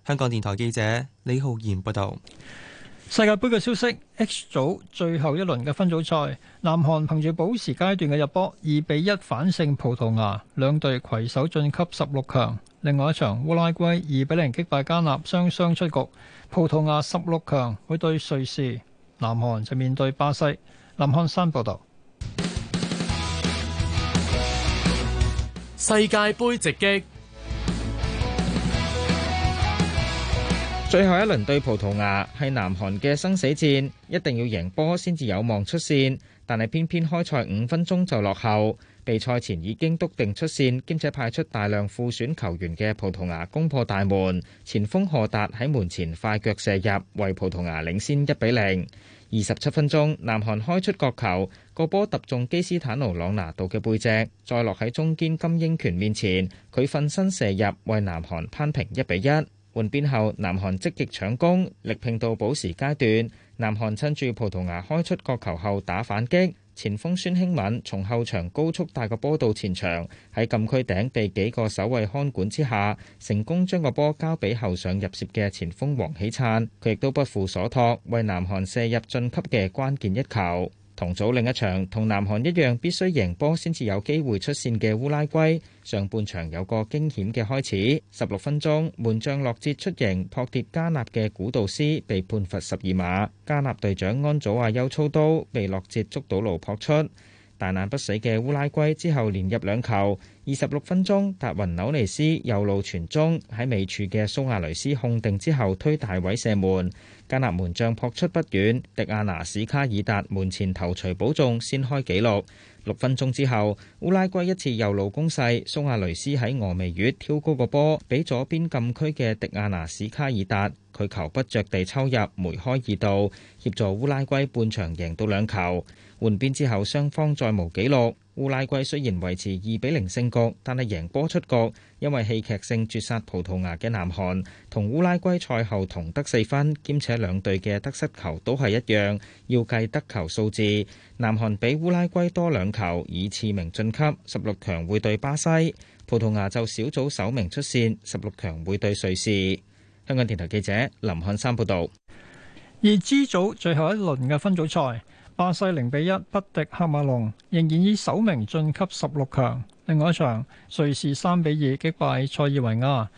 香港電台記者李浩然報道。世界杯嘅消息，H 組最後一輪嘅分組賽，南韓憑住補時階段嘅入波，二比一反勝葡萄牙，兩隊携手晉級十六強。另外一場烏拉圭二比零擊敗加納，雙雙出局。葡萄牙十六強會對瑞士，南韓就面對巴西。南漢山報道。世界杯直擊。最後一輪對葡萄牙係南韓嘅生死戰，一定要贏波先至有望出線。但係偏偏開賽五分鐘就落後，比賽前已經篤定出線，兼且派出大量副選球員嘅葡萄牙攻破大門。前鋒何達喺門前快腳射入，為葡萄牙領先一比零。二十七分鐘，南韓開出角球，個波突中基斯坦奴朗拿度嘅背脊，再落喺中堅金英權面前，佢奮身射入，為南韓攀平一比一。換邊後，南韓積極搶攻，力拼到保時階段。南韓趁住葡萄牙開出角球後打反擊，前鋒孫興敏從後場高速帶個波到前場，喺禁區頂被幾個守衞看管之下，成功將個波交俾後上入楔嘅前鋒黃喜燦，佢亦都不負所託，為南韓射入晉級嘅關鍵一球。同組另一場同南韓一樣必須贏波先至有機會出線嘅烏拉圭，上半場有個驚險嘅開始。十六分鐘，門將洛哲出迎撲跌加納嘅古道斯被判罰十二碼，加納隊長安祖亞丘操刀被洛哲捉到路撲出，大難不死嘅烏拉圭之後連入兩球。二十六分鐘，達雲紐尼斯右路傳中，喺尾處嘅蘇亞雷斯控定之後推大位射門。加納門將撲出不遠，迪亞拿史卡爾達門前頭槌補中，先開紀錄。六分鐘之後，烏拉圭一次右路攻勢，蘇亞雷斯喺俄眉月挑高個波，俾左邊禁區嘅迪亞拿史卡爾達，佢球不着地抽入梅開二度，協助烏拉圭半場贏到兩球。換邊之後，雙方再無紀錄。烏拉圭雖然維持二比零勝局，但係贏波出局。因為戲劇性絕殺葡萄牙嘅南韓同烏拉圭賽後同得四分，兼且兩隊嘅得失球都係一樣，要計得球數字。南韓比烏拉圭多兩球，以次名晉級十六強，會對巴西。葡萄牙就小組首名出線，十六強會對瑞士。香港電台記者林漢山報道。而 G 組最後一輪嘅分組賽，巴西零比一不敵喀麥隆，仍然以首名晉級十六強。另外一場瑞士三比二擊敗塞爾維亞，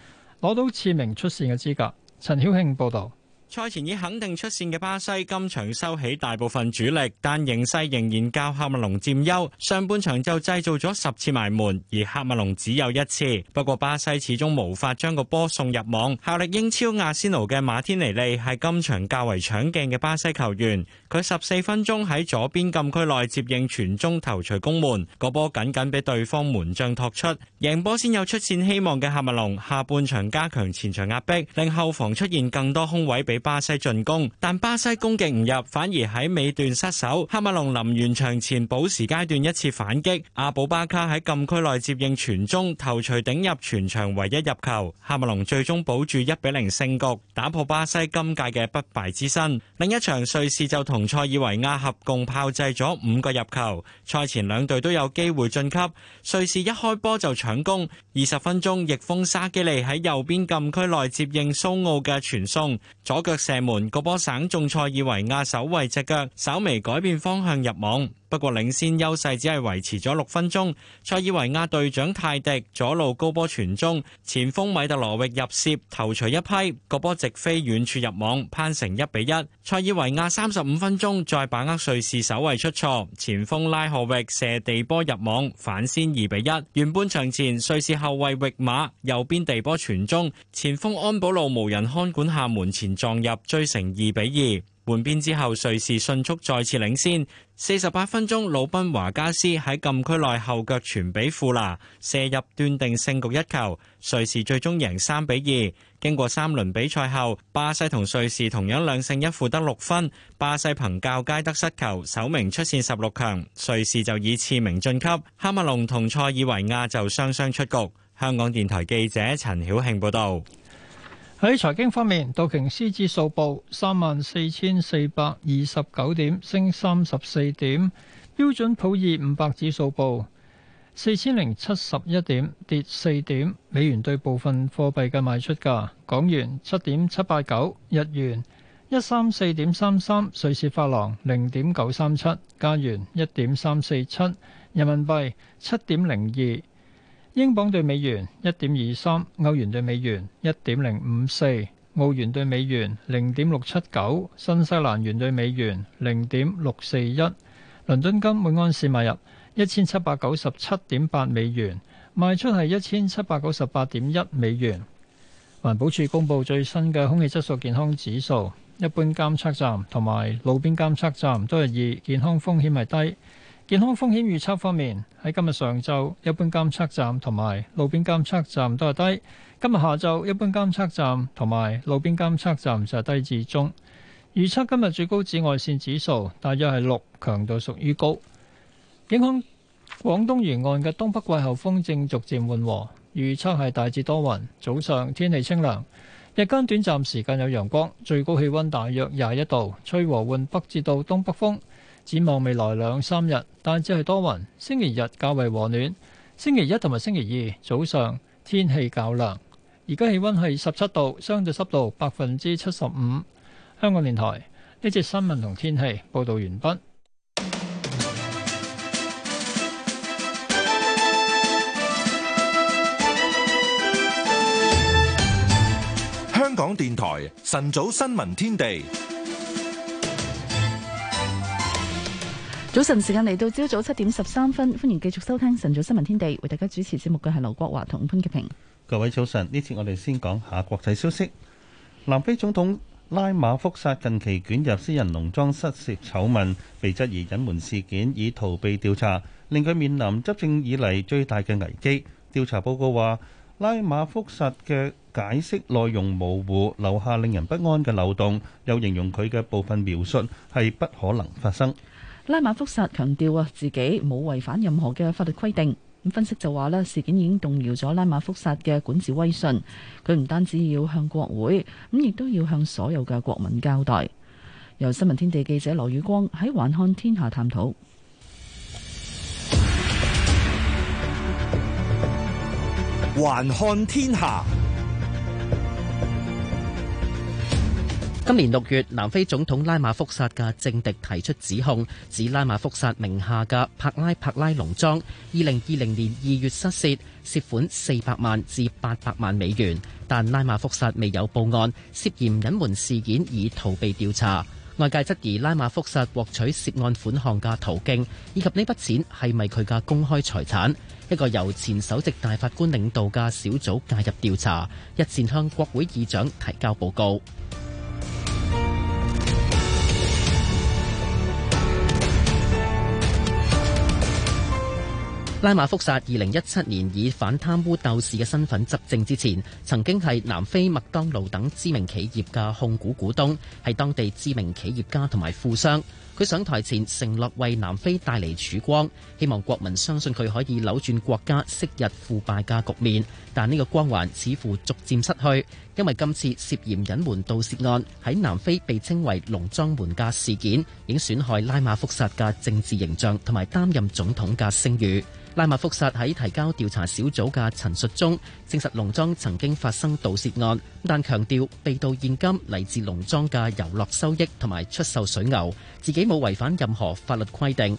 攞到次名出線嘅資格。陳曉慶報導。賽前已肯定出線嘅巴西，今場收起大部分主力，但形勢仍然較喀麥隆佔優。上半場就製造咗十次埋門，而喀麥隆只有一次。不過巴西始終無法將個波送入網。效力英超阿仙奴嘅馬天尼利係今場較為搶鏡嘅巴西球員，佢十四分鐘喺左邊禁區內接應傳中頭錘攻門，個波僅僅俾對方門將托出。贏波先有出線希望嘅喀麥隆，下半場加強前場壓迫，令後防出現更多空位俾。巴西進攻，但巴西攻擊唔入，反而喺尾段失守。喀麥隆臨完場前補時階段一次反擊，阿保巴卡喺禁區內接應傳中，頭錘頂入全場唯一入球。喀麥隆最終保住一比零勝局，打破巴西今屆嘅不敗之身。另一場瑞士就同塞爾維亞合共炮製咗五個入球。賽前兩隊都有機會晉級。瑞士一開波就搶攻，二十分鐘逆風沙基利喺右邊禁區內接應蘇奧嘅傳送，左腳射門，嗰波省中塞爾維亞守衛隻腳，稍微改變方向入網。不過領先優勢只係維持咗六分鐘，塞爾維亞隊長泰迪左路高波傳中，前鋒米特羅域入楔頭鎚一批，個波直飛遠處入網，扳成一比一。塞爾維亞三十五分鐘再把握瑞士守衞出錯，前鋒拉荷域射地波入網，反先二比一。完半場前，瑞士後衛域馬右邊地波傳中，前鋒安保路無人看管下門前撞入，追成二比二。換邊之後，瑞士迅速再次領先。四十八分鐘，魯賓華加斯喺禁區內後腳傳俾庫拿，射入斷定勝局一球。瑞士最終贏三比二。經過三輪比賽後，巴西同瑞士同樣兩勝一負得六分，巴西憑較佳得失球首名出線十六強，瑞士就以次名晉級。喀麥隆同塞爾維亞就雙雙出局。香港電台記者陳曉慶報道。喺財經方面，道瓊斯指數報三萬四千四百二十九點，升三十四點；標準普爾五百指數報四千零七十一點，跌四點。美元對部分貨幣嘅賣出價：港元七點七八九，日元一三四點三三，瑞士法郎零點九三七，加元一點三四七，人民幣七點零二。英鎊兌美元一點二三，歐元兌美元一點零五四，澳元兌美元零點六七九，新西蘭元兌美元零點六四一。倫敦金每安士買入一千七百九十七點八美元，賣出係一千七百九十八點一美元。環保署公布最新嘅空氣質素健康指數，一般監測站同埋路邊監測站都係二，健康風險係低。健康風險預測方面，喺今日上晝，一般監測站同埋路邊監測站都係低。今日下晝，一般監測站同埋路邊監測站就係低至中。預測今日最高紫外線指數大約係六，強度屬於高。影響廣東沿岸嘅東北季候風正逐漸緩和，預測係大致多雲，早上天氣清涼，日間短暫時間有陽光，最高氣溫大約廿一度，吹和緩北至到東北風。展望未來兩三日，但只係多雲。星期日較為和暖，星期一同埋星期二早上天氣較涼。而家氣温係十七度，相對濕度百分之七十五。香港電台呢節新聞同天氣報導完畢。香港電台晨早新聞天地。早晨，時間嚟到，朝早七點十三分，歡迎繼續收聽晨早新聞天地。為大家主持節目嘅係劉國華同潘潔平。各位早晨，呢次我哋先講下國際消息。南非總統拉馬福薩近期捲入私人農莊失竊醜聞，被質疑隱瞞事件以逃避調查，令佢面臨執政以嚟最大嘅危機。調查報告話，拉馬福薩嘅解釋內容模糊，留下令人不安嘅漏洞，又形容佢嘅部分描述係不可能發生。拉馬福薩強調啊，自己冇違反任何嘅法律規定。咁分析就話咧，事件已經動搖咗拉馬福薩嘅管治威信。佢唔單止要向國會，咁亦都要向所有嘅國民交代。由新聞天地記者羅宇光喺《環看天下》探討《環看天下》。今年六月，南非總統拉馬福薩嘅政敵提出指控，指拉馬福薩名下嘅帕拉帕拉農莊，二零二零年二月失竊，涉款四百萬至八百萬美元。但拉馬福薩未有報案，涉嫌隱瞞事件以逃避調查。外界質疑拉馬福薩獲取涉案款項嘅途徑，以及呢筆錢係咪佢嘅公開財產。一個由前首席大法官領導嘅小組介入調查，日前向國會議長提交報告。拉馬福薩二零一七年以反貪污鬥士嘅身份執政之前，曾經係南非麥當勞等知名企業嘅控股股東，係當地知名企業家同埋富商。佢上台前承諾為南非帶嚟曙光，希望國民相信佢可以扭轉國家昔日腐敗嘅局面，但呢個光環似乎逐漸失去。因為今次涉嫌隱瞞盜竊案喺南非被稱為農莊門價事件，已經損害拉馬福薩嘅政治形象同埋擔任總統嘅聲譽。拉馬福薩喺提交調查小組嘅陳述中證實農莊曾經發生盜竊案，但強調被盜現金嚟自農莊嘅遊樂收益同埋出售水牛，自己冇違反任何法律規定。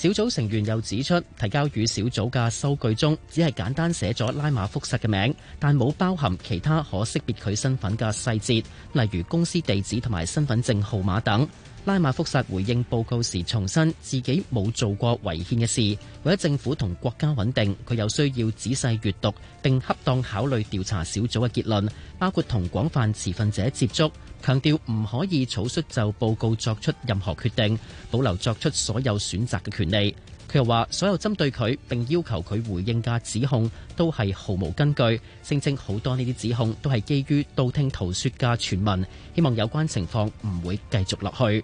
小組成員又指出，提交予小組嘅收據中，只係簡單寫咗拉馬福薩嘅名，但冇包含其他可識別佢身份嘅細節，例如公司地址同埋身份證號碼等。拉馬福薩回應報告時重申，自己冇做過違憲嘅事。為咗政府同國家穩定，佢有需要仔細閱讀並恰當考慮調查小組嘅結論，包括同廣泛持份者接觸。強調唔可以草率就報告作出任何決定，保留作出所有選擇嘅權利。佢又話：所有針對佢並要求佢回應嘅指控都係毫無根據，聲稱好多呢啲指控都係基於道聽途說嘅傳聞，希望有關情況唔會繼續落去。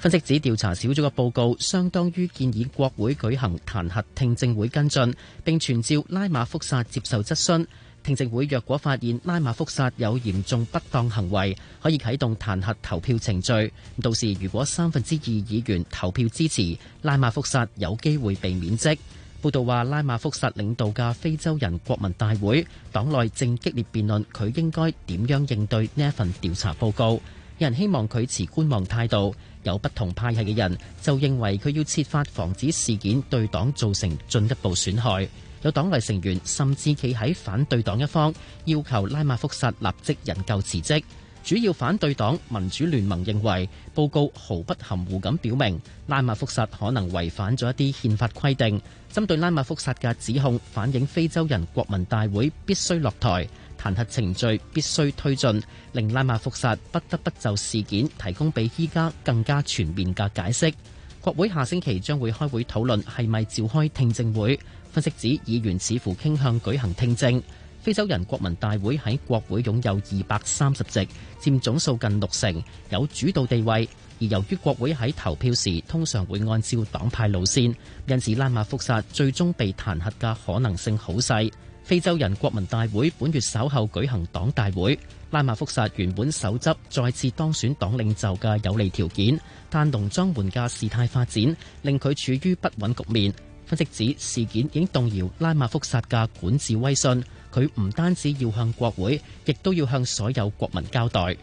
分析指，調查小組嘅報告，相當於建議國會舉行彈劾聽證會跟進，並傳召拉馬福薩接受質詢。聽證會若果發現拉馬福薩有嚴重不當行為，可以啟動彈劾投票程序。到時如果三分之二議員投票支持，拉馬福薩有機會被免職。報道話拉馬福薩領導嘅非洲人國民大會黨內正激烈辯論佢應該點樣應對呢一份調查報告。有人希望佢持觀望態度。有不同派系嘅人就認為佢要設法防止事件對黨造成進一步損害，有黨內成員甚至企喺反對黨一方，要求拉馬福薩立即引咎辭職。主要反對黨民主聯盟認為報告毫不含糊咁表明，拉馬福薩可能違反咗一啲憲法規定，針對拉馬福薩嘅指控反映非洲人國民大會必須落台。彈劾程序必須推進，令拉馬福薩不得不就事件提供比依家更加全面嘅解釋。國會下星期將會開會討論係咪召開聽證會。分析指議員似乎傾向舉行聽證。非洲人國民大會喺國會擁有二百三十席，佔總數近六成，有主導地位。而由於國會喺投票時通常會按照黨派路線，因此拉馬福薩最終被彈劾嘅可能性好細。非洲人國民大會本月稍後舉行黨大會，拉馬福薩原本手執再次當選黨領袖嘅有利條件，但農莊門嘅事態發展令佢處於不穩局面。分析指事件已經動搖拉馬福薩嘅管治威信，佢唔單止要向國會，亦都要向所有國民交代。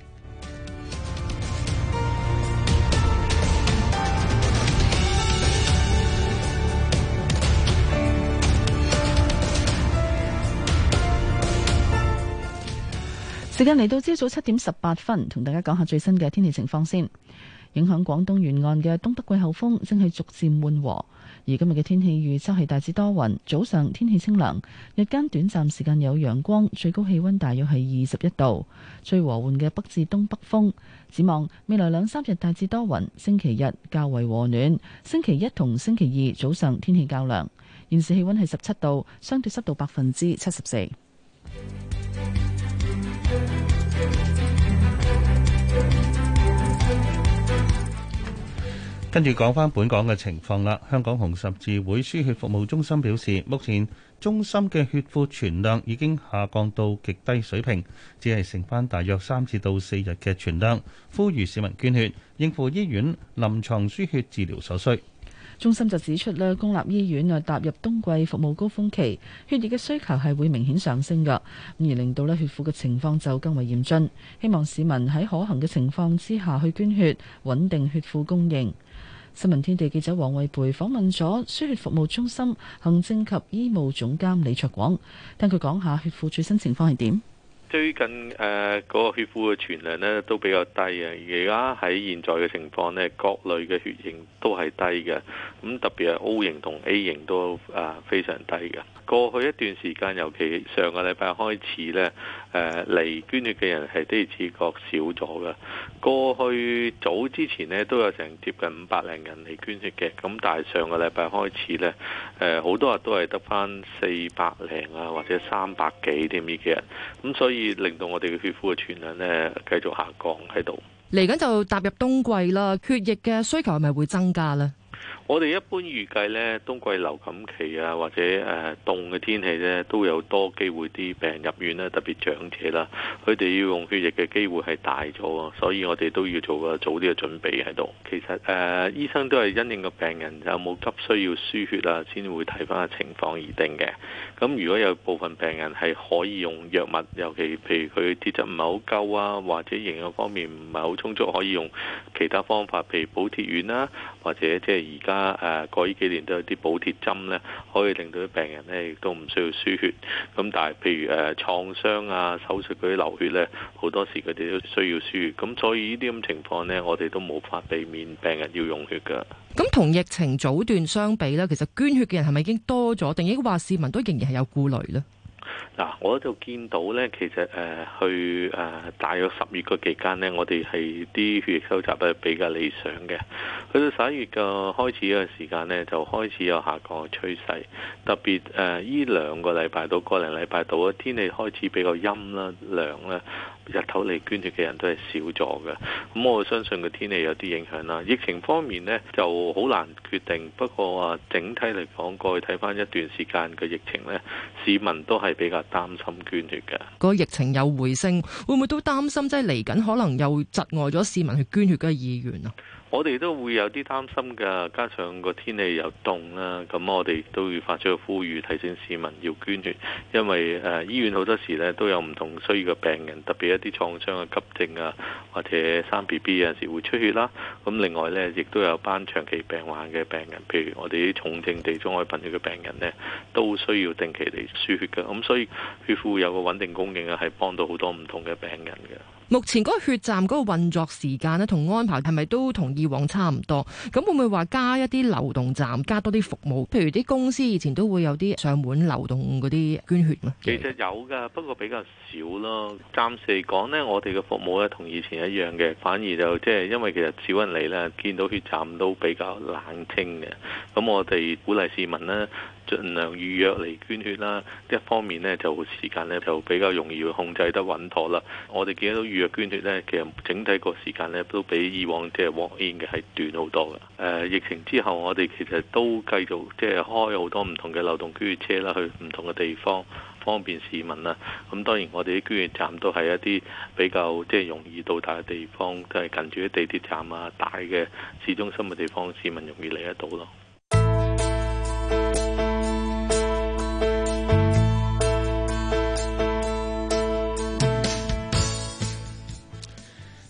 時間嚟到朝早七點十八分，同大家講下最新嘅天氣情況先。影響廣東沿岸嘅東北季候風正係逐漸緩和，而今日嘅天氣預測係大致多雲，早上天氣清涼，日間短暫時間有陽光，最高氣溫大約係二十一度，最和緩嘅北至東北風。展望未來兩三日大致多雲，星期日較為和暖，星期一同星期二早上天氣較涼。現時氣溫係十七度，相對濕度百分之七十四。跟住講返本港嘅情況啦。香港紅十字會輸血服務中心表示，目前中心嘅血庫存量已經下降到極低水平，只係剩返大約三至到四日嘅存量，呼籲市民捐血應付醫院臨牀輸血治療所需。中心就指出咧，公立醫院啊踏入冬季服務高峯期，血液嘅需求係會明顯上升噶，而令到咧血庫嘅情況就更為嚴峻。希望市民喺可行嘅情況之下去捐血，穩定血庫供應。新聞天地記者王慧培訪問咗輸血服務中心行政及醫務總監李卓廣，聽佢講下血庫最新情況係點。最近誒，嗰、呃那個血庫嘅存量咧都比較低啊！而家喺現在嘅情況咧，各類嘅血型都係低嘅，咁特別係 O 型同 A 型都，誒、啊、非常低嘅。過去一段時間，尤其上個禮拜開始咧。誒，嚟、呃、捐血嘅人係的而自覺少咗噶。過去早之前咧，都有成接近五百零人嚟捐血嘅。咁但係上個禮拜開始咧，誒、呃，好多人都係得翻四百零啊，或者三百幾添嘅。咁、嗯、所以令到我哋嘅血庫嘅存量咧，繼續下降喺度。嚟緊就踏入冬季啦，血液嘅需求係咪會增加咧？我哋一般預計呢，冬季流感期啊，或者誒凍嘅天氣呢，都有多機會啲病人入院咧，特別長者啦，佢哋要用血液嘅機會係大咗，所以我哋都要做，做個早啲嘅準備喺度。其實誒、呃，醫生都係因應個病人有冇急需要輸血啊，先會睇翻個情況而定嘅。咁如果有部分病人係可以用藥物，尤其譬如佢鐵質唔係好夠啊，或者營養方面唔係好充足，可以用其他方法，譬如補鐵丸啦、啊，或者即係而家。啊！誒，過呢幾年都有啲補貼針咧，可以令到啲病人咧亦都唔需要輸血。咁但係譬如誒創傷啊、手術嗰啲流血咧，好多時佢哋都需要輸血。咁所以呢啲咁情況咧，我哋都冇法避免病人要用血噶。咁同、嗯、疫情早段相比咧，其實捐血嘅人係咪已經多咗？定亦話市民都仍然係有顧慮咧？嗱，我就見到呢，其實誒去誒大約十月個期間呢，我哋係啲血液收集係比較理想嘅。去到十一月嘅開始嘅時間呢，就開始有下降嘅趨勢。特別誒呢兩個禮拜到個零禮拜度呢，天氣開始比較陰啦、涼啦，日頭嚟捐血嘅人都係少咗嘅。咁我相信個天氣有啲影響啦。疫情方面呢，就好難決定，不過話整體嚟講，過去睇翻一段時間嘅疫情呢，市民都係，比較擔心捐血嘅，個疫情又回升，會唔會都擔心，即係嚟緊可能又窒礙咗市民去捐血嘅意願啊？我哋都會有啲擔心嘅，加上個天氣又凍啦、啊，咁我哋都會發出個呼籲，提醒市民要捐血，因為誒、呃、醫院好多時咧都有唔同需要嘅病人，特別一啲創傷嘅急症啊，或者生 B B 有時會出血啦、啊。咁另外呢，亦都有班長期病患嘅病人，譬如我哋啲重症地中海貧血嘅病人呢，都需要定期嚟輸血嘅。咁所以血庫有個穩定供應啊，係幫到好多唔同嘅病人嘅。目前嗰個血站嗰個運作時間咧，同安排係咪都同以往差唔多？咁會唔會話加一啲流動站，加多啲服務？譬如啲公司以前都會有啲上門流動嗰啲捐血嘛。其實有㗎，不過比較。少咯，暫時嚟講呢，我哋嘅服務咧同以前一樣嘅，反而就即係因為其實少人嚟呢，見到血站都比較冷清嘅。咁我哋鼓勵市民呢，盡量預約嚟捐血啦。一方面呢，就時間呢，就比較容易控制得穩妥啦。我哋見到預約捐血呢，其實整體個時間呢，都比以往即係往年嘅係短好多嘅。誒、呃，疫情之後我哋其實都繼續即係開好多唔同嘅流動捐血車啦，去唔同嘅地方。方便市民啦，咁當然我哋啲捐血站都係一啲比較即係容易到達嘅地方，即係近住啲地鐵站啊、大嘅市中心嘅地方，市民容易嚟得到咯。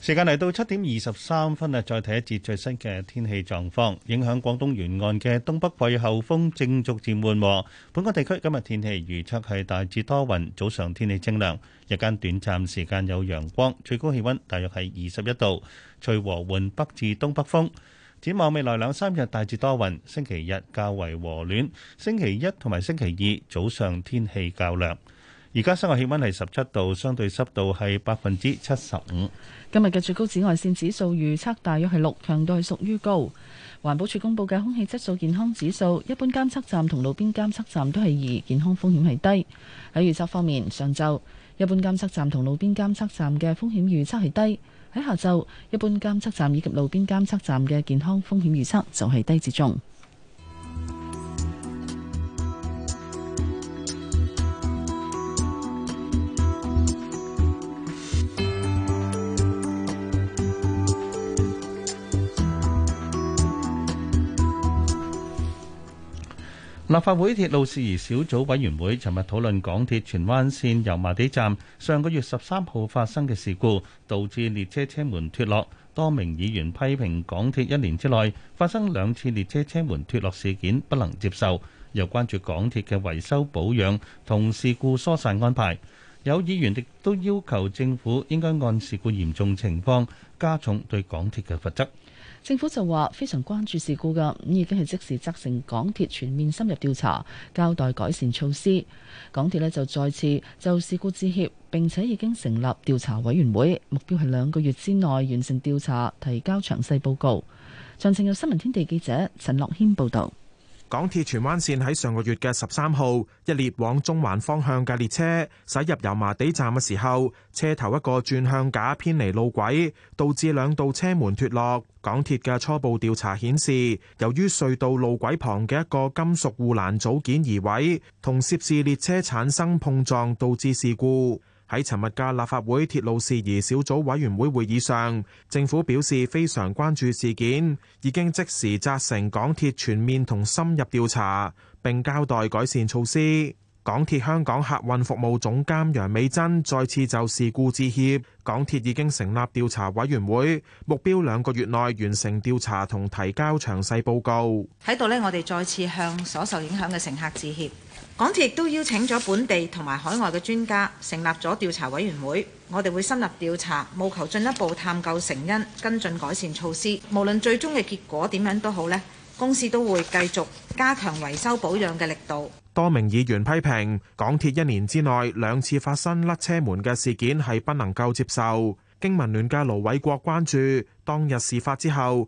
時間嚟到七點二十三分啊，再睇一節最新嘅天氣狀況。影響廣東沿岸嘅東北季候風正逐漸緩和。本港地區今日天氣預測係大致多雲，早上天氣清涼，日間短暫時間有陽光，最高氣温大約係二十一度，吹和緩北至東北風。展望未來兩三日大致多雲，星期日較為和暖，星期一同埋星期二早上天氣較涼。而家室外氣溫係十七度，相對濕度係百分之七十五。今日嘅最高紫外線指數預測大約係六，強度係屬於高。環保署公布嘅空氣質素健康指數，一般監測站同路邊監測站都係二，健康風險係低。喺預測方面，上晝一般監測站同路邊監測站嘅風險預測係低；喺下晝一般監測站以及路邊監測站嘅健康風險預測就係低至中。立法會鐵路事宜小組委員會尋日討論港鐵荃灣線油麻地站上個月十三號發生嘅事故，導致列車車門脫落。多名議員批評港鐵一年之內發生兩次列車車門脫落事件，不能接受。又關注港鐵嘅維修保養同事故疏散安排。有議員亦都要求政府應該按事故嚴重情況加重對港鐵嘅罰則。政府就話非常關注事故㗎，已經係即時責成港鐵全面深入調查，交代改善措施。港鐵呢就再次就事故致歉，並且已經成立調查委員會，目標係兩個月之內完成調查，提交詳細報告。詳情由新聞天地記者陳樂軒報導。港鐵荃灣線喺上個月嘅十三號，一列往中環方向嘅列車駛入油麻地站嘅時候，車頭一個轉向架偏離路軌，導致兩道車門脱落。港鐵嘅初步調查顯示，由於隧道路軌旁嘅一個金屬護欄組件移位，同涉事列車產生碰撞，導致事故。喺尋日嘅立法會鐵路事宜小組委員會會議上，政府表示非常關注事件，已經即時責成港鐵全面同深入調查，並交代改善措施。港鐵香港客運服務總監楊美珍再次就事故致歉，港鐵已經成立調查委員會，目標兩個月內完成調查同提交詳細報告。喺度呢，我哋再次向所受影響嘅乘客致歉。港鐵亦都邀請咗本地同埋海外嘅專家，成立咗調查委員會。我哋會深入調查，務求進一步探究成因，跟進改善措施。無論最終嘅結果點樣都好咧，公司都會繼續加強維修保養嘅力度。多名議員批評港鐵一年之內兩次發生甩車門嘅事件係不能夠接受。經民聯嘅盧偉國關注，當日事發之後，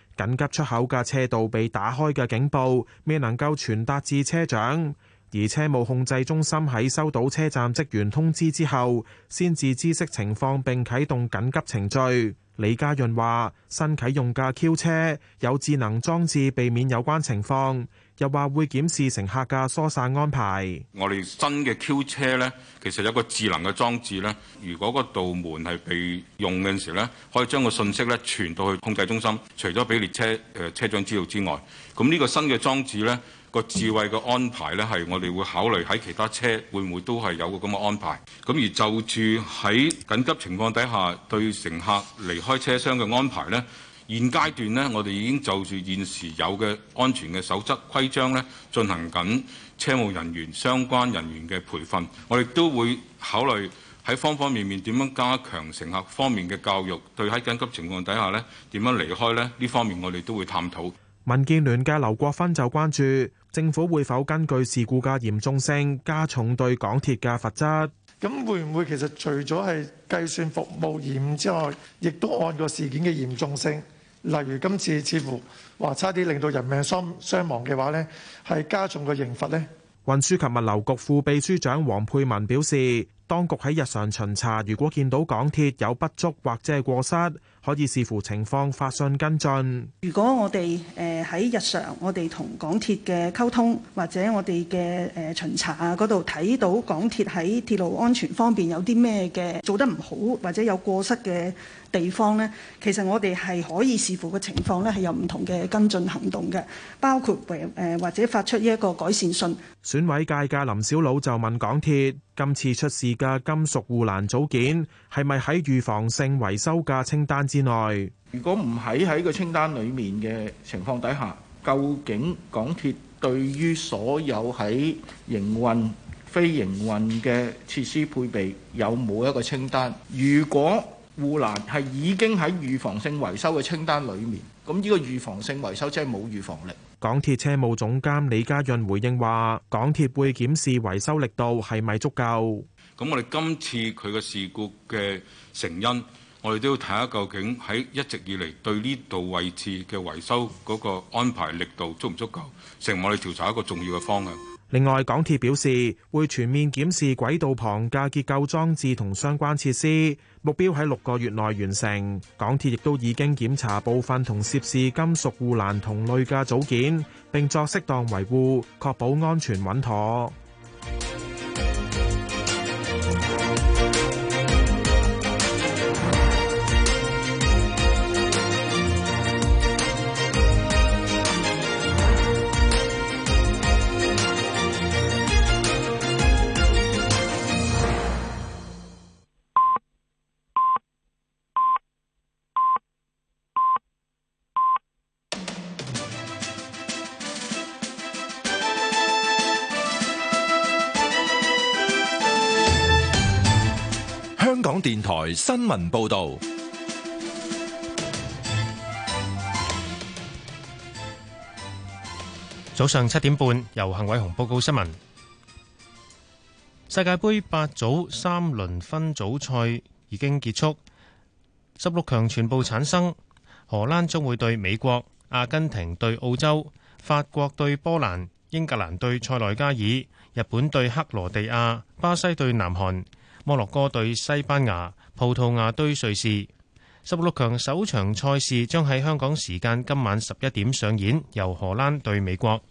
緊急出口嘅車道被打開嘅警報未能夠傳達至車長，而車務控制中心喺收到車站職員通知之後，先至知悉情況並啟動緊急程序。李家潤話：新啟用嘅 Q 車有智能裝置避免有關情況。又話會檢視乘客嘅疏散安排。我哋新嘅 Q 車呢，其實有個智能嘅裝置呢，如果個道門係被用嘅時候呢，可以將個訊息呢傳到去控制中心，除咗俾列車誒、呃、車長知道之外，咁呢個新嘅裝置呢，個智慧嘅安排呢，係我哋會考慮喺其他車會唔會都係有個咁嘅安排。咁而就住喺緊急情況底下對乘客離開車廂嘅安排呢。現階段呢，我哋已經就住現時有嘅安全嘅守則規章呢，進行緊車務人員相關人員嘅培訓。我哋都會考慮喺方方面面點樣加強乘客方面嘅教育，對喺緊急情況底下呢，點樣離開呢？呢方面我哋都會探討。民建聯嘅劉國勳就關注政府會否根據事故嘅嚴重性加重對港鐵嘅罰則。咁會唔會其實除咗係計算服務嚴之外，亦都按個事件嘅嚴重性？例如今次似乎話差啲令到人命傷傷亡嘅話呢，呢係加重個刑罰。呢運輸及物流局副秘書長黃佩文表示，當局喺日常巡查，如果見到港鐵有不足或者係過失，可以視乎情況發信跟進。如果我哋誒喺日常我哋同港鐵嘅溝通，或者我哋嘅誒巡查啊嗰度睇到港鐵喺鐵路安全方面有啲咩嘅做得唔好，或者有過失嘅。地方呢，其實我哋係可以視乎個情況呢，係有唔同嘅跟進行動嘅，包括誒、呃、或者發出依一個改善信。選委界嘅林小佬就問港鐵今次出事嘅金屬護欄組件係咪喺預防性維修嘅清單之內，如果唔喺喺個清單裏面嘅情況底下，究竟港鐵對於所有喺營運非營運嘅設施配備有冇一個清單，如果護欄係已經喺預防性維修嘅清單裏面，咁呢個預防性維修即係冇預防力。港鐵車務總監李家潤回應話：港鐵會檢視維修力度係咪足夠。咁我哋今次佢嘅事故嘅成因，我哋都要睇下究竟喺一直以嚟對呢度位置嘅維修嗰個安排力度足唔足夠，成為我哋調查一個重要嘅方向。另外，港鐵表示會全面檢視軌道旁嘅結構裝置同相關設施，目標喺六個月內完成。港鐵亦都已經檢查部分同涉事金屬護欄同類嘅組件，並作適當維護，確保安全穩妥。電台新聞報道：早上七點半，由幸偉雄報告新聞。世界杯八組三輪分組賽已經結束，十六強全部產生。荷蘭將會對美國，阿根廷對澳洲，法國對波蘭，英格蘭對塞內加爾，日本對克羅地亞，巴西對南韓。摩洛哥對西班牙、葡萄牙對瑞士，十六強首場賽事將喺香港時間今晚十一點上演，由荷蘭對美國。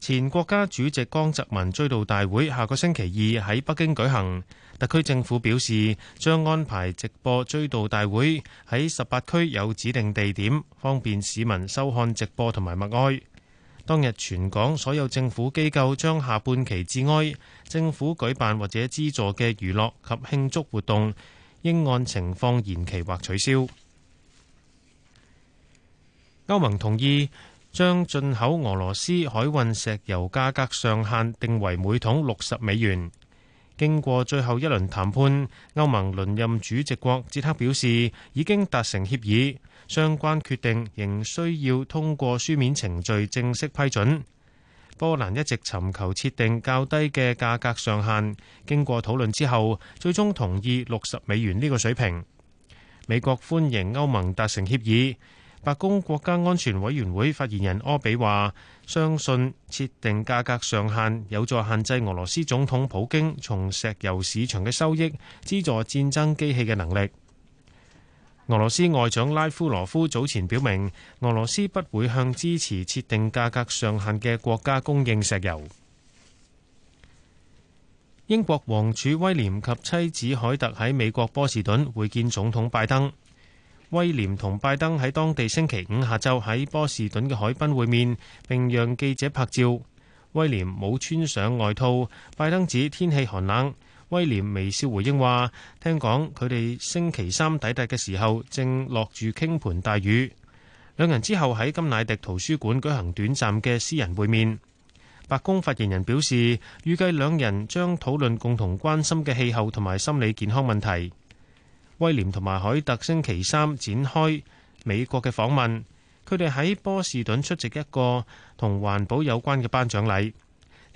前國家主席江澤民追悼大會下個星期二喺北京舉行，特區政府表示將安排直播追悼大會喺十八區有指定地點，方便市民收看直播同埋默哀。當日全港所有政府機構將下半旗致哀，政府舉辦或者資助嘅娛樂及慶祝活動應按情況延期或取消。歐盟同意將進口俄羅斯海運石油價格上限定為每桶六十美元。經過最後一輪談判，歐盟輪任主席國捷克表示已經達成協議。相關決定仍需要通過書面程序正式批准。波蘭一直尋求設定較低嘅價格上限，經過討論之後，最終同意六十美元呢個水平。美國歡迎歐盟達成協議。白宮國家安全委員會發言人柯比話，相信設定價格上限有助限制俄羅斯總統普京從石油市場嘅收益，資助戰爭機器嘅能力。俄羅斯外長拉夫羅夫早前表明，俄羅斯不會向支持設定價格上限嘅國家供應石油。英國王儲威廉及妻子凱特喺美國波士頓會見總統拜登。威廉同拜登喺當地星期五下晝喺波士頓嘅海濱會面，並讓記者拍照。威廉冇穿上外套，拜登指天氣寒冷。威廉微笑回應話：聽講佢哋星期三抵達嘅時候正落住傾盆大雨。兩人之後喺甘迺迪圖書館舉行短暫嘅私人會面。白宮發言人表示，預計兩人將討論共同關心嘅氣候同埋心理健康問題。威廉同埋凱特星期三展開美國嘅訪問，佢哋喺波士頓出席一個同環保有關嘅頒獎禮。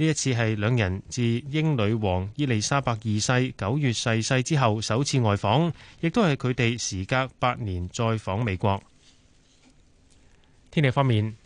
呢一次係兩人自英女王伊麗莎白二世九月逝世之後首次外訪，亦都係佢哋時隔八年再訪美國。天氣方面，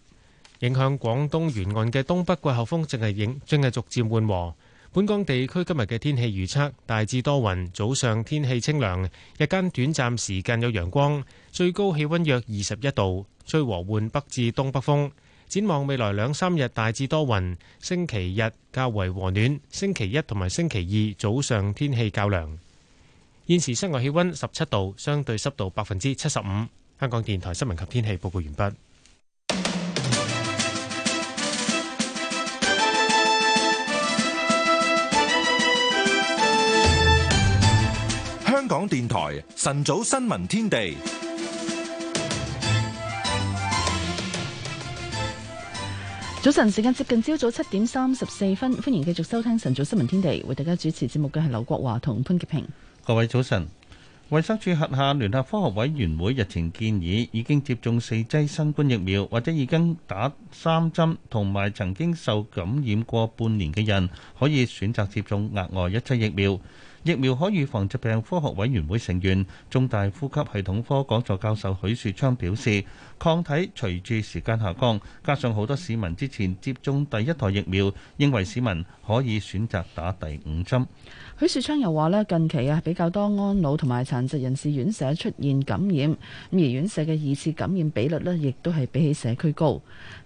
影響廣東沿岸嘅東北季候風正係影正係逐漸緩和。本港地區今日嘅天氣預測大致多雲，早上天氣清涼，日間短暫時間有陽光，最高氣溫約二十一度，吹和緩北至東北風。展望未來兩三日大致多雲，星期日較為和暖，星期一同埋星期二早上天氣較涼。現時室外氣溫十七度，相對濕度百分之七十五。香港電台新聞及天氣報告完畢。香港電台晨早新聞天地。早晨，時間接近朝早七點三十四分，歡迎繼續收聽晨早新聞天地，為大家主持節目嘅係劉國華同潘潔平。各位早晨，衛生署轄下聯合科學委員會日前建議，已經接種四劑新冠疫苗或者已經打三針同埋曾經受感染過半年嘅人，可以選擇接種額外一劑疫苗。疫苗可預防疾病科學委員會成員、中大呼吸系統科講座教授許樹昌表示，抗體隨住時間下降，加上好多市民之前接種第一代疫苗，認為市民可以選擇打第五針。許樹昌又話呢，近期啊比較多安老同埋殘疾人士院舍出現感染，咁而院舍嘅二次感染比率呢，亦都係比起社區高，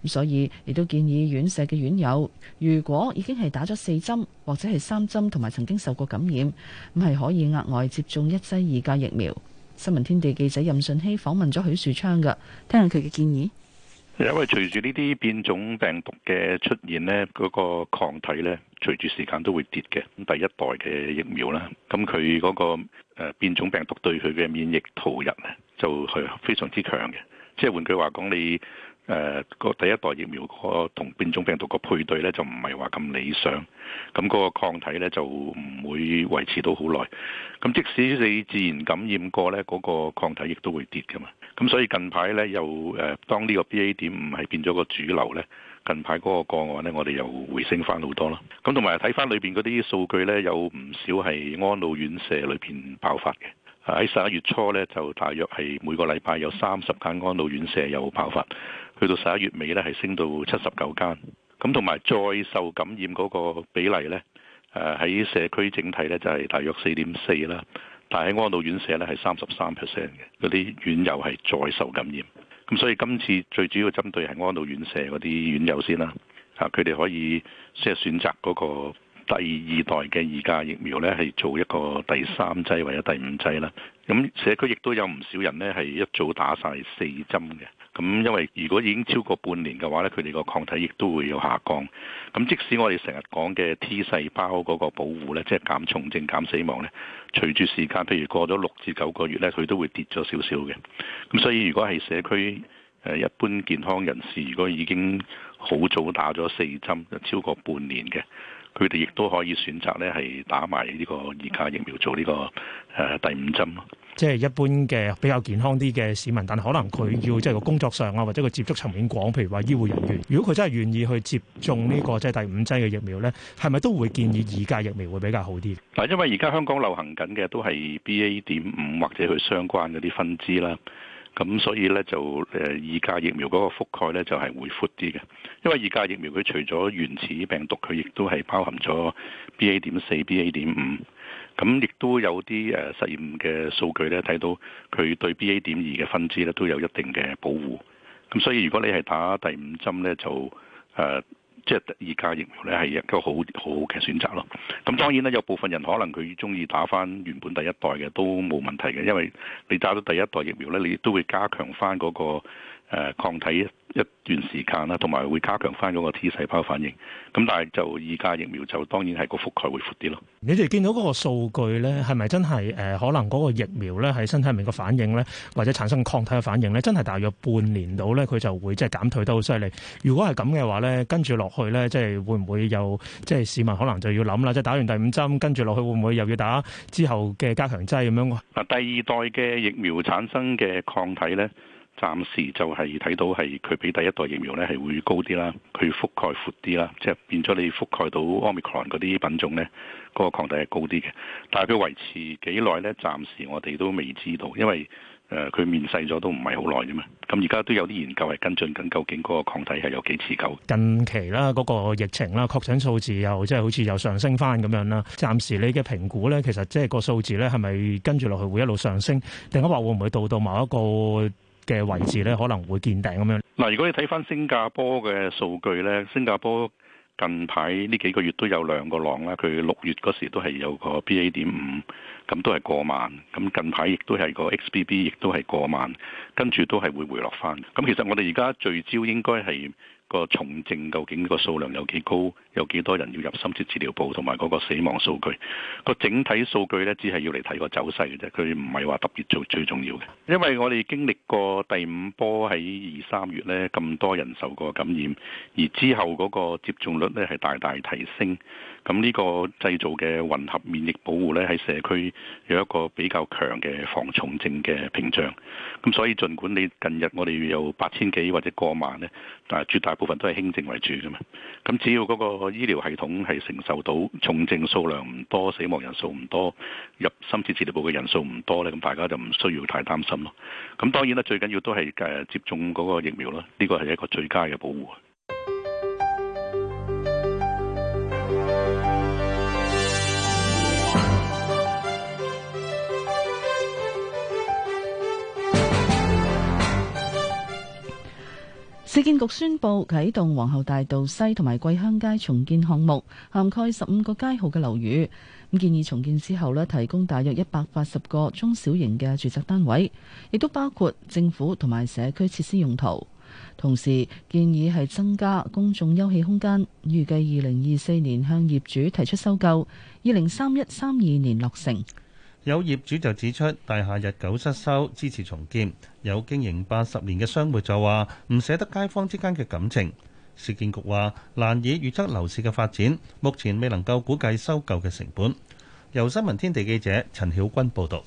咁所以亦都建議院舍嘅院友，如果已經係打咗四針或者係三針同埋曾經受過感染，咁係可以額外接種一劑二價疫苗。新聞天地記者任順熙訪問咗許樹昌噶，聽下佢嘅建議。因為隨住呢啲變種病毒嘅出現呢，嗰、那個抗體呢，隨住時間都會跌嘅。咁第一代嘅疫苗啦，咁佢嗰個誒、呃、變種病毒對佢嘅免疫逃逸呢，就係、是、非常之強嘅。即係換句話講，你誒個、呃、第一代疫苗個同變種病毒個配對呢，就唔係話咁理想。咁、那、嗰個抗體呢，就唔會維持到好耐。咁即使你自然感染過呢，嗰、那個抗體亦都會跌噶嘛。咁所以近排咧，又誒、呃、當呢個 B A 點五係變咗個主流，咧，近排嗰個個案咧，我哋又回升翻好多咯。咁同埋睇翻裏邊嗰啲數據咧，有唔少係安老院舍裏邊爆發嘅。喺十一月初咧，就大約係每個禮拜有三十間安老院舍有爆發，去到十一月尾咧，係升到七十九間。咁同埋再受感染嗰個比例咧，誒、啊、喺社區整體咧就係、是、大約四點四啦。但喺安老院舍咧，係三十三 percent 嘅嗰啲院友係再受感染，咁所以今次最主要針對係安老院舍嗰啲院友先啦。啊，佢哋可以即係選擇嗰個第二代嘅二價疫苗咧，係做一個第三劑或者第五劑啦。咁社區亦都有唔少人咧，係一早打晒四針嘅。咁因為如果已經超過半年嘅話呢，咧，佢哋個抗體亦都會有下降。咁即使我哋成日講嘅 T 細胞嗰個保護咧，即係減重症、減死亡咧，隨住時間譬如過咗六至九個月咧，佢都會跌咗少少嘅。咁所以如果係社區誒一般健康人士，如果已經好早打咗四針就超過半年嘅。佢哋亦都可以選擇咧，係打埋呢個二價疫苗做呢個誒第五針咯。即係一般嘅比較健康啲嘅市民，但可能佢要即係個工作上啊，或者個接觸層面廣，譬如話醫護人員，如果佢真係願意去接種呢個即係第五劑嘅疫苗咧，係咪都會建議二價疫苗會比較好啲？嗱，因為而家香港流行緊嘅都係 BA. 點五或者佢相關嗰啲分支啦。咁所以咧就誒二價疫苗嗰個覆蓋咧就係、是、會闊啲嘅，因為二價疫苗佢除咗原始病毒，佢亦都係包含咗 BA. 點四、BA. 點五，咁亦都有啲誒實驗嘅數據咧，睇到佢對 BA. 點二嘅分支咧都有一定嘅保護。咁所以如果你係打第五針咧，就誒。呃即係第二價疫苗咧，係一個好好嘅選擇咯。咁當然咧，有部分人可能佢中意打翻原本第一代嘅都冇問題嘅，因為你打到第一代疫苗咧，你都會加強翻嗰個誒抗體。一段時間啦，同埋會加強翻嗰個 T 細胞反應。咁但係就依家疫苗就當然係個覆蓋會闊啲咯。你哋見到嗰個數據咧，係咪真係誒可能嗰個疫苗咧，喺身體入面個反應咧，或者產生抗體嘅反應咧，真係大約半年到咧，佢就會即係減退得好犀利。如果係咁嘅話咧，跟住落去咧，即係會唔會有？即係市民可能就要諗啦，即係打完第五針跟住落去會唔會又要打之後嘅加強劑咁樣？嗱，第二代嘅疫苗產生嘅抗體咧。暫時就係睇到係佢比第一代疫苗咧，係會高啲啦，佢覆蓋闊啲啦，即係變咗你覆蓋到 Omicron 嗰啲品種咧，嗰個抗體係高啲嘅。但係佢維持幾耐咧？暫時我哋都未知道，因為誒佢面世咗都唔係好耐啫嘛。咁而家都有啲研究係跟進緊，究竟嗰個抗體係有幾持久？近期啦，嗰個疫情啦，確診數字又即係好似又上升翻咁樣啦。暫時你嘅評估咧，其實即係個數字咧係咪跟住落去會一路上升？定係話會唔會到到某一個？嘅位置咧，可能會見頂咁樣。嗱，如果你睇返新加坡嘅數據咧，新加坡近排呢幾個月都有兩個浪啦。佢六月嗰時都係有個 BA 點五，咁都係過萬。咁近排亦都係個 XBB，亦都係過萬，跟住都係會回落返。咁其實我哋而家聚焦應該係。個重症究竟個數量有幾高？有幾多人要入深切治，治療部？同埋嗰個死亡數據，個整體數據呢，只係要嚟睇個走勢嘅啫。佢唔係話特別最最重要嘅。因為我哋經歷過第五波喺二三月呢咁多人受過感染，而之後嗰個接種率呢係大大提升。咁呢個製造嘅混合免疫保護呢，喺社區有一個比較強嘅防重症嘅屏障。咁所以，儘管你近日我哋有八千幾或者過萬呢，但係絕大部分都係輕症為主嘅嘛。咁只要嗰個醫療系統係承受到重症數量唔多、死亡人數唔多、入深切治療部嘅人數唔多呢，咁大家就唔需要太擔心咯。咁當然啦，最緊要都係誒接種嗰個疫苗啦，呢個係一個最佳嘅保護。市建局宣布啟動皇后大道西同埋桂香街重建項目，涵蓋十五個街號嘅樓宇。建議重建之後呢，提供大約一百八十個中小型嘅住宅單位，亦都包括政府同埋社區設施用途。同時建議係增加公眾休憩空間，預計二零二四年向業主提出收購，二零三一三二年落成。有業主就指出大廈日久失修，支持重建；有經營八十年嘅商戶就話唔捨得街坊之間嘅感情。市建局話難以預測樓市嘅發展，目前未能夠估計收購嘅成本。由新聞天地記者陳曉君報導。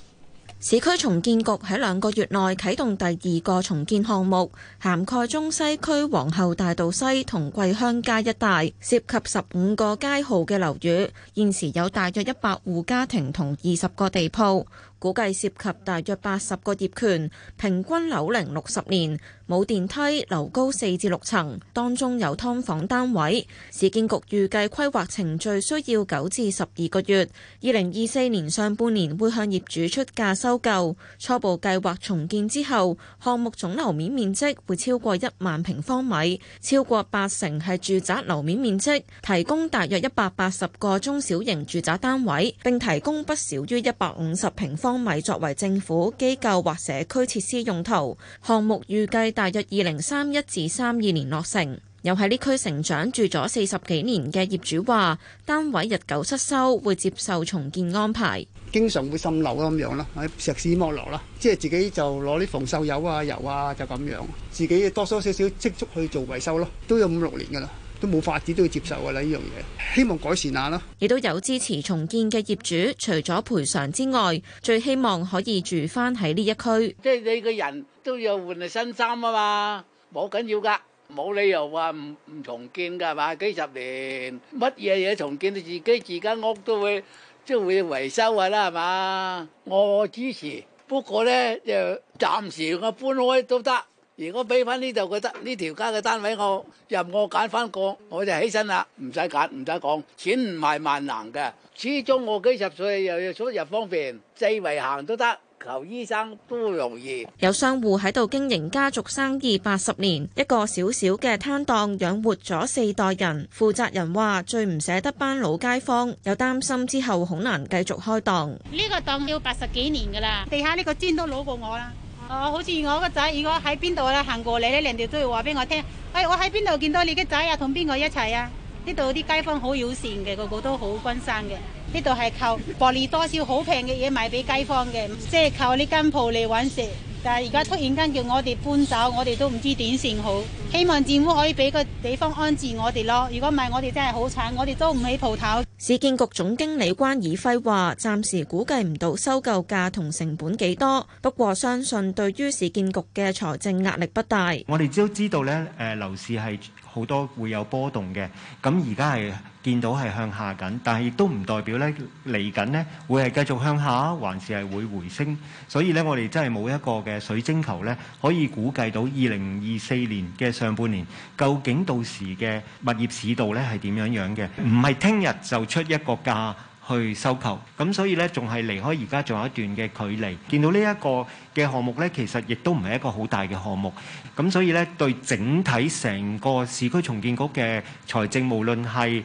市區重建局喺兩個月內啟動第二個重建項目，涵蓋中西區皇后大道西同桂香街一帶，涉及十五個街號嘅樓宇，現時有大約一百戶家庭同二十個地鋪。估計涉及大約八十個業權，平均樓齡六十年，冇電梯，樓高四至六層，當中有劏房單位。市建局預計規劃程序需要九至十二個月，二零二四年上半年會向業主出價收購。初步計劃重建之後，項目總樓面面積會超過一萬平方米，超過八成係住宅樓面面積，提供大約一百八十個中小型住宅單位，並提供不少於一百五十平方米作為政府、機構或社區設施用途，項目預計大約二零三一至三二年落成。又喺呢區成長住咗四十幾年嘅業主話，單位日久失修，會接受重建安排。經常會滲漏啊咁樣啦，喺石屎剝落啦，即係自己就攞啲防鏽油啊油啊就咁樣，自己多多少少積蓄去做維修咯，都有五六年噶啦。都冇法子都要接受㗎啦，呢樣嘢希望改善下囉。亦都有支持重建嘅業主，除咗賠償之外，最希望可以住翻喺呢一區。即係你個人都要換下新衫啊嘛，冇緊要㗎，冇理由話唔唔重建㗎係嘛？幾十年乜嘢嘢重建，你自己自間屋都會即係會維修㗎啦係嘛？我支持，不過咧就暫時我搬開都得。如果俾翻呢度，覺得呢條街嘅單位，我任我揀翻個，我就起身啦，唔使揀，唔使講，錢唔係萬能嘅。始終我幾十歲又要出入方便，四圍行都得，求醫生都容易。有商戶喺度經營家族生意八十年，一個小小嘅攤檔養活咗四代人。負責人話：最唔捨得班老街坊，又擔心之後好難繼續開檔。呢個檔要八十幾年㗎啦，地下呢個磚都攞過我啦。哦、呃，好似我個仔，如果喺邊度行過嚟咧，人哋都要話俾我聽。喂、哎，我喺邊度見到你嘅仔啊，同邊個一齊啊？呢度啲街坊好友善嘅，個個都好關心嘅。呢度係靠薄利多銷，好平嘅嘢賣俾街坊嘅，即係靠呢間鋪嚟搵食。但係而家突然間叫我哋搬走，我哋都唔知點算好。希望政府可以俾個地方安置我哋咯。如果唔係，我哋真係好慘，我哋都唔起鋪頭。市建局總經理關以輝話：暫時估計唔到收購價同成本幾多，不過相信對於市建局嘅財政壓力不大。我哋都知道呢，誒，樓市係。好多會有波動嘅，咁而家係見到係向下緊，但係亦都唔代表呢嚟緊呢會係繼續向下，還是係會回升。所以呢，我哋真係冇一個嘅水晶球呢可以估計到二零二四年嘅上半年究竟到時嘅物業市道呢係點樣樣嘅，唔係聽日就出一個價。去收購，咁所以咧，仲係離開而家仲有一段嘅距離。見到呢一個嘅項目咧，其實亦都唔係一個好大嘅項目，咁所以咧，對整體成個市區重建局嘅財政，無論係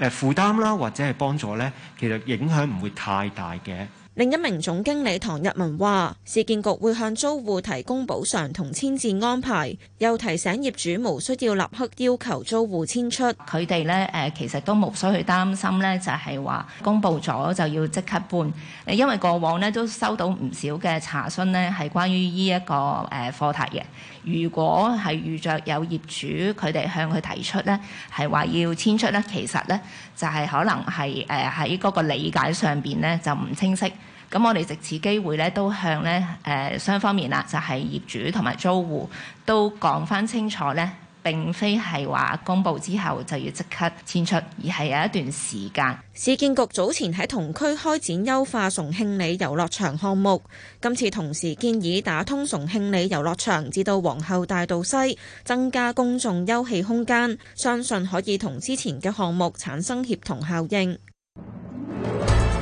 誒負擔啦，或者係幫助咧，其實影響唔會太大嘅。另一名總經理唐日文話，市建局會向租戶提供補償同遷置安排，又提醒業主無需要立刻要求租戶遷出。佢哋咧誒，其實都無需要擔心咧，就係話公佈咗就要即刻搬。因為過往呢都收到唔少嘅查詢呢係關於呢一個誒課題嘅。如果係遇着有業主佢哋向佢提出呢，係話要遷出呢，其實呢，就係、是、可能係誒喺嗰個理解上邊呢，就唔清晰。咁我哋藉此機會呢，都向呢誒、呃、雙方面啦，就係、是、業主同埋租戶都講翻清楚呢。並非係話公布之後就要即刻遷出，而係有一段時間。市建局早前喺同區開展優化崇慶里遊樂場項目，今次同時建議打通崇慶里遊樂場至到皇后大道西，增加公眾休憩空間，相信可以同之前嘅項目產生協同效應。 <noise>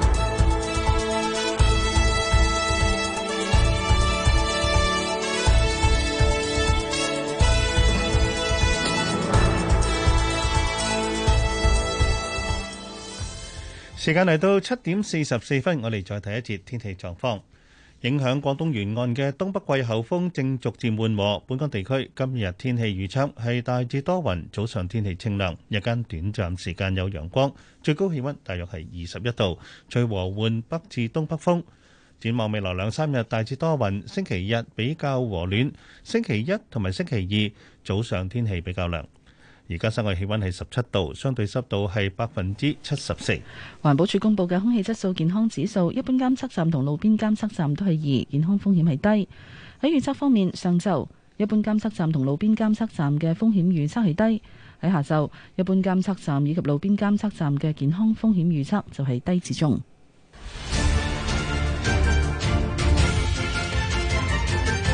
時間嚟到七點四十四分，我哋再睇一節天氣狀況。影響廣東沿岸嘅東北季候風正逐漸緩和。本港地區今日天氣預測係大致多雲，早上天氣清涼，日間短暫時間有陽光，最高氣溫大約係二十一度，吹和緩北至東北風。展望未來兩三日大致多雲，星期日比較和暖，星期一同埋星期二早上天氣比較涼。而家室外氣溫係十七度，相對濕度係百分之七十四。環保署公布嘅空氣質素健康指數，一般監測站同路邊監測站都係二，健康風險係低。喺預測方面，上晝一般監測站同路邊監測站嘅風險預測係低；喺下晝，一般監測站，站，站以及路邊監測站嘅健康風險預測就係低至中。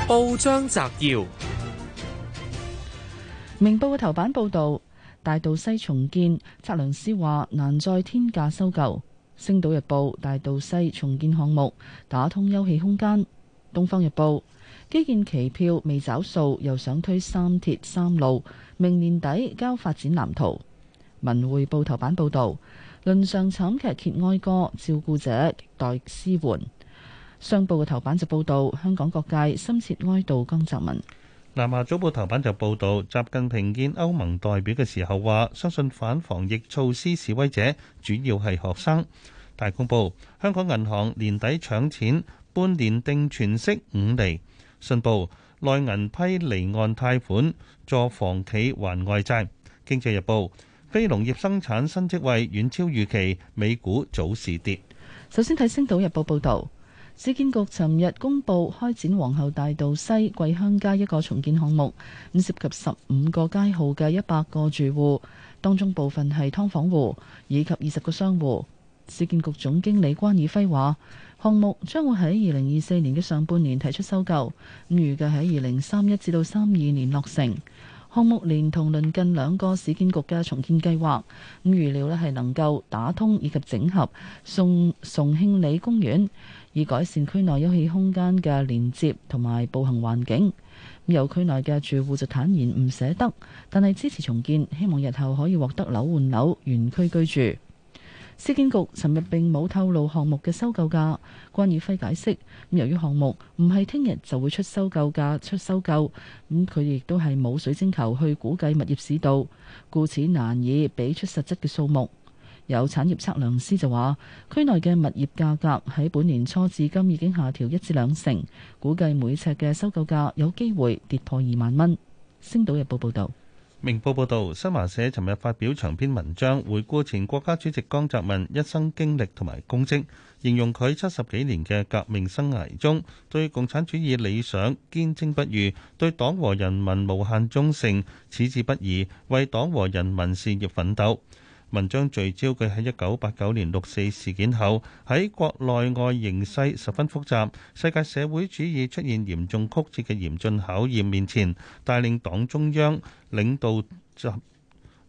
報章摘要。明報嘅頭版報道：大道西重建，測量師話難再天價收購。星島日報：大道西重建項目打通休憩空間。東方日報：基建期票未找數，又想推三鐵三路，明年底交發展藍圖。文匯報頭版報道：輪上慘劇揭哀歌，照顧者待支援。商報嘅頭版就報道：香港各界深切哀悼江澤民。南華早報頭版就報道，習近平見歐盟代表嘅時候話，相信反防疫措施示威者主要係學生。大公報：香港銀行年底搶錢，半年定存息五厘。信報：內銀批離岸貸款助房企還外債。經濟日報：非農業生產新職位遠超預期，美股早市跌。首先睇《星島日報》報道。市建局尋日公布開展皇后大道西桂香街一個重建項目，咁涉及十五個街號嘅一百個住戶，當中部分係劏房戶以及二十個商戶。市建局總經理關以輝話：項目將會喺二零二四年嘅上半年提出收購，咁預計喺二零三一至到三二年落成。項目連同鄰近兩個市建局嘅重建計劃，咁預料咧係能夠打通以及整合崇崇慶里公園，以改善區內休憩空間嘅連接同埋步行環境，有區內嘅住戶就坦言唔捨得，但係支持重建，希望日後可以獲得樓換樓原區居住。市建局尋日並冇透露項目嘅收購價，關爾輝解釋，咁由於項目唔係聽日就會出收購價出收購，咁佢亦都係冇水晶球去估計物業市道，故此難以俾出實質嘅數目。有產業測量師就話：區內嘅物業價格喺本年初至今已經下調一至兩成，估計每尺嘅收購價有機會跌破二萬蚊。星島日報報導，明報報導，新華社尋日發表長篇文章，回顧前國家主席江澤民一生經歷同埋功績，形容佢七十幾年嘅革命生涯中，對共產主義理想堅貞不渝，對黨和人民無限忠誠，矢志不移，為黨和人民事業奮鬥。文章聚焦嘅喺一九八九年六四事件後，喺國內外形勢十分複雜、世界社會主義出現嚴重曲折嘅嚴峻考驗面前，帶領黨中央領導集，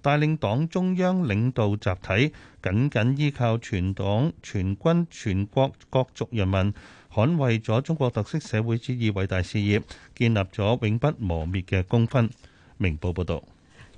帶領黨中央領導集體，緊緊依靠全黨全軍全國各族人民，捍衛咗中國特色社會主義偉大事業，建立咗永不磨滅嘅功勳。明報報道。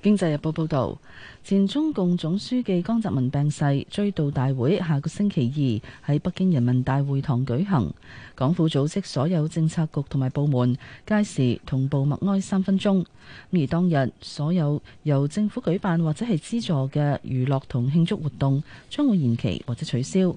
經濟日報報導，前中共總書記江澤民病逝追悼大會下個星期二喺北京人民大會堂舉行，港府組織所有政策局同埋部門屆時同步默哀三分鐘。而當日所有由政府舉辦或者係資助嘅娛樂同慶祝活動將會延期或者取消。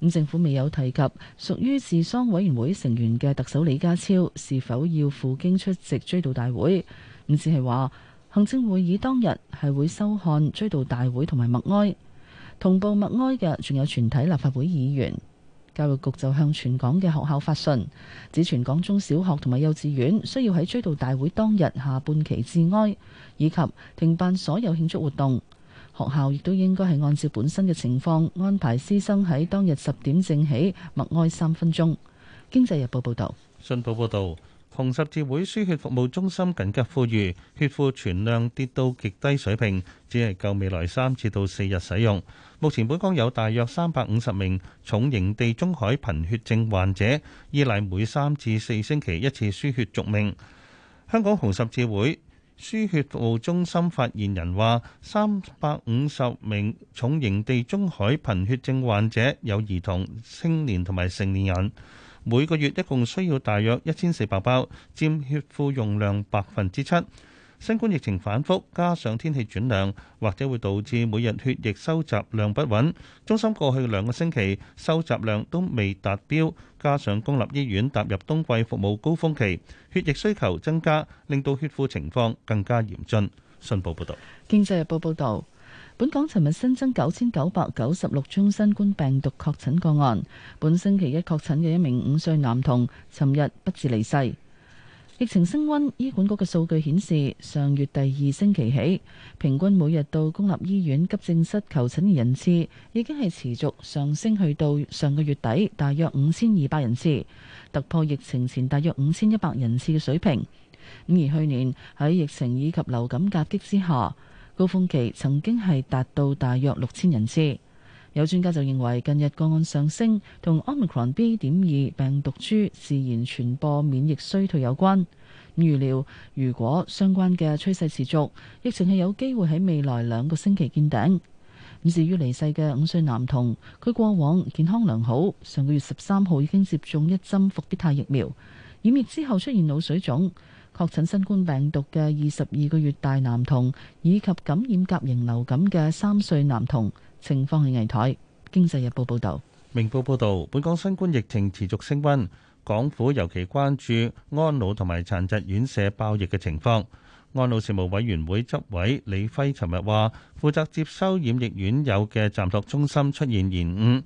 咁政府未有提及屬於治喪委員會成員嘅特首李家超是否要赴京出席追悼大會。咁只係話。行政會議當日係會收看追悼大會同埋默哀，同步默哀嘅仲有全體立法會議員。教育局就向全港嘅學校發信，指全港中小學同埋幼稚園需要喺追悼大會當日下半旗致哀，以及停辦所有慶祝活動。學校亦都應該係按照本身嘅情況安排師生喺當日十點正起默哀三分鐘。經濟日報報道。信報報導。紅十字會輸血服務中心緊急呼籲，血庫存量跌到極低水平，只係夠未來三至到四日使用。目前本港有大約三百五十名重型地中海貧血症患者，依賴每三至四星期一次輸血續命。香港紅十字會輸血服務中心發言人話：三百五十名重型地中海貧血症患者有兒童、青年同埋成年人。每個月一共需要大約一千四百包，佔血庫容量百分之七。新冠疫情反覆，加上天氣轉涼，或者會導致每日血液收集量不穩。中心過去兩個星期收集量都未達標，加上公立醫院踏入冬季服務高峰期，血液需求增加，令到血庫情況更加嚴峻。信報報導，《經濟日報》報導。本港尋日新增九千九百九十六宗新冠病毒確診個案，本星期一確診嘅一名五歲男童，尋日不治離世。疫情升溫，醫管局嘅數據顯示，上月第二星期起，平均每日到公立醫院急症室求診嘅人次，已經係持續上升，去到上個月底大約五千二百人次，突破疫情前大約五千一百人次嘅水平。咁而去年喺疫情以及流感夾擊之下。高峰期曾經係達到大約六千人次，有專家就認為近日個案上升同 Omicron B 點二病毒株自然傳播免疫衰退有關。預料如果相關嘅趨勢持續，疫情係有機會喺未來兩個星期見頂。咁至於離世嘅五歲男童，佢過往健康良好，上個月十三號已經接種一針復必泰疫苗，染疫之後出現腦水腫。確診新冠病毒嘅二十二個月大男童，以及感染甲型流感嘅三歲男童，情況係危殆。經濟日報報道，明報報道。本港新冠疫情持續升溫，港府尤其關注安老同埋殘疾院舍爆疫嘅情況。安老事務委員會執委李輝尋日話，負責接收染疫院友嘅暫托中心出現延誤。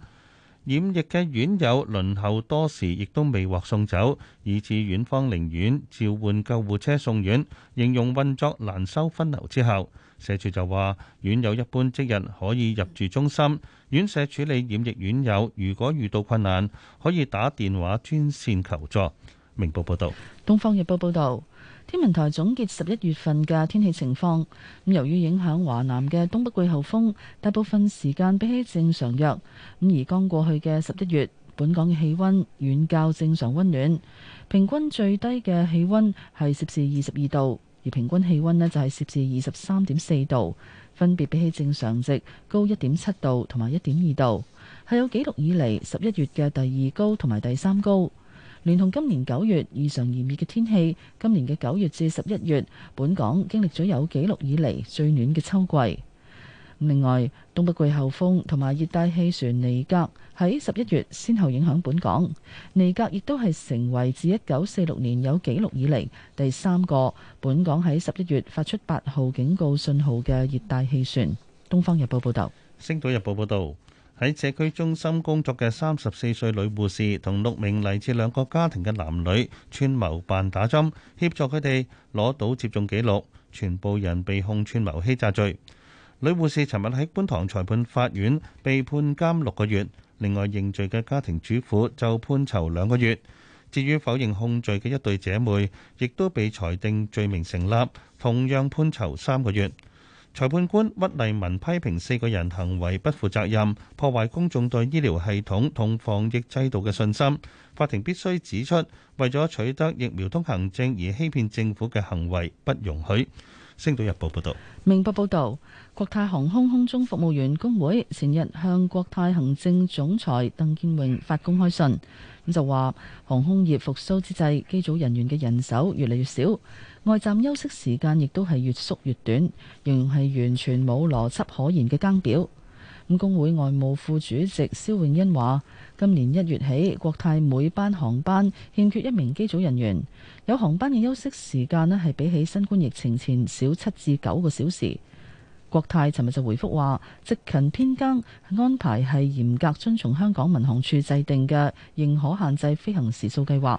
染疫嘅院友輪候多時，亦都未獲送走，以致院方寧願召喚救護車送院，形容運作難收分流。之後，社署就話，院友一般即日可以入住中心。院舍處理染疫院友，如果遇到困難，可以打電話專線求助。明報報道，東方日報報道。天文台總結十一月份嘅天氣情況。咁由於影響華南嘅東北季候風，大部分時間比起正常弱。咁而剛過去嘅十一月，本港嘅氣溫遠較正常溫暖。平均最低嘅氣溫係攝氏二十二度，而平均氣溫呢就係攝氏二十三點四度，分別比起正常值高一點七度同埋一點二度，係有紀錄以嚟十一月嘅第二高同埋第三高。連同今年九月異常炎熱嘅天氣，今年嘅九月至十一月，本港經歷咗有紀錄以嚟最暖嘅秋季。另外，東北季候風同埋熱帶氣旋尼格喺十一月先後影響本港，尼格亦都係成為自一九四六年有紀錄以嚟第三個本港喺十一月發出八號警告信號嘅熱帶氣旋。《東方日報》報道，《星島日報》報道。喺社區中心工作嘅三十四歲女護士同六名嚟自兩個家庭嘅男女串謀扮打針，協助佢哋攞到接種記錄，全部人被控串謀欺詐罪。女護士尋日喺觀塘裁判法院被判監六個月，另外認罪嘅家庭主婦就判囚兩個月。至於否認控罪嘅一對姐妹，亦都被裁定罪名成立，同樣判囚三個月。裁判官屈麗文批評四個人行為不負責任，破壞公眾對醫療系統同防疫制度嘅信心。法庭必須指出，為咗取得疫苗通行證而欺騙政府嘅行為不容許。星島日報報道：「明報報道，國泰航空空中服務員工會前日向國泰行政總裁鄧建榮發公開信，咁就話航空業復甦之際，機組人員嘅人手越嚟越少。外站休息時間亦都係越縮越短，仍然係完全冇邏輯可言嘅更表。咁工會外務副主席肖永欣話，今年一月起，國泰每班航班欠缺一名機組人員，有航班嘅休息時間呢，係比起新冠疫情前少七至九個小時。國泰尋日就回覆話，值勤編更安排係嚴格遵從香港民航處制定嘅認可限制飛行時數計劃。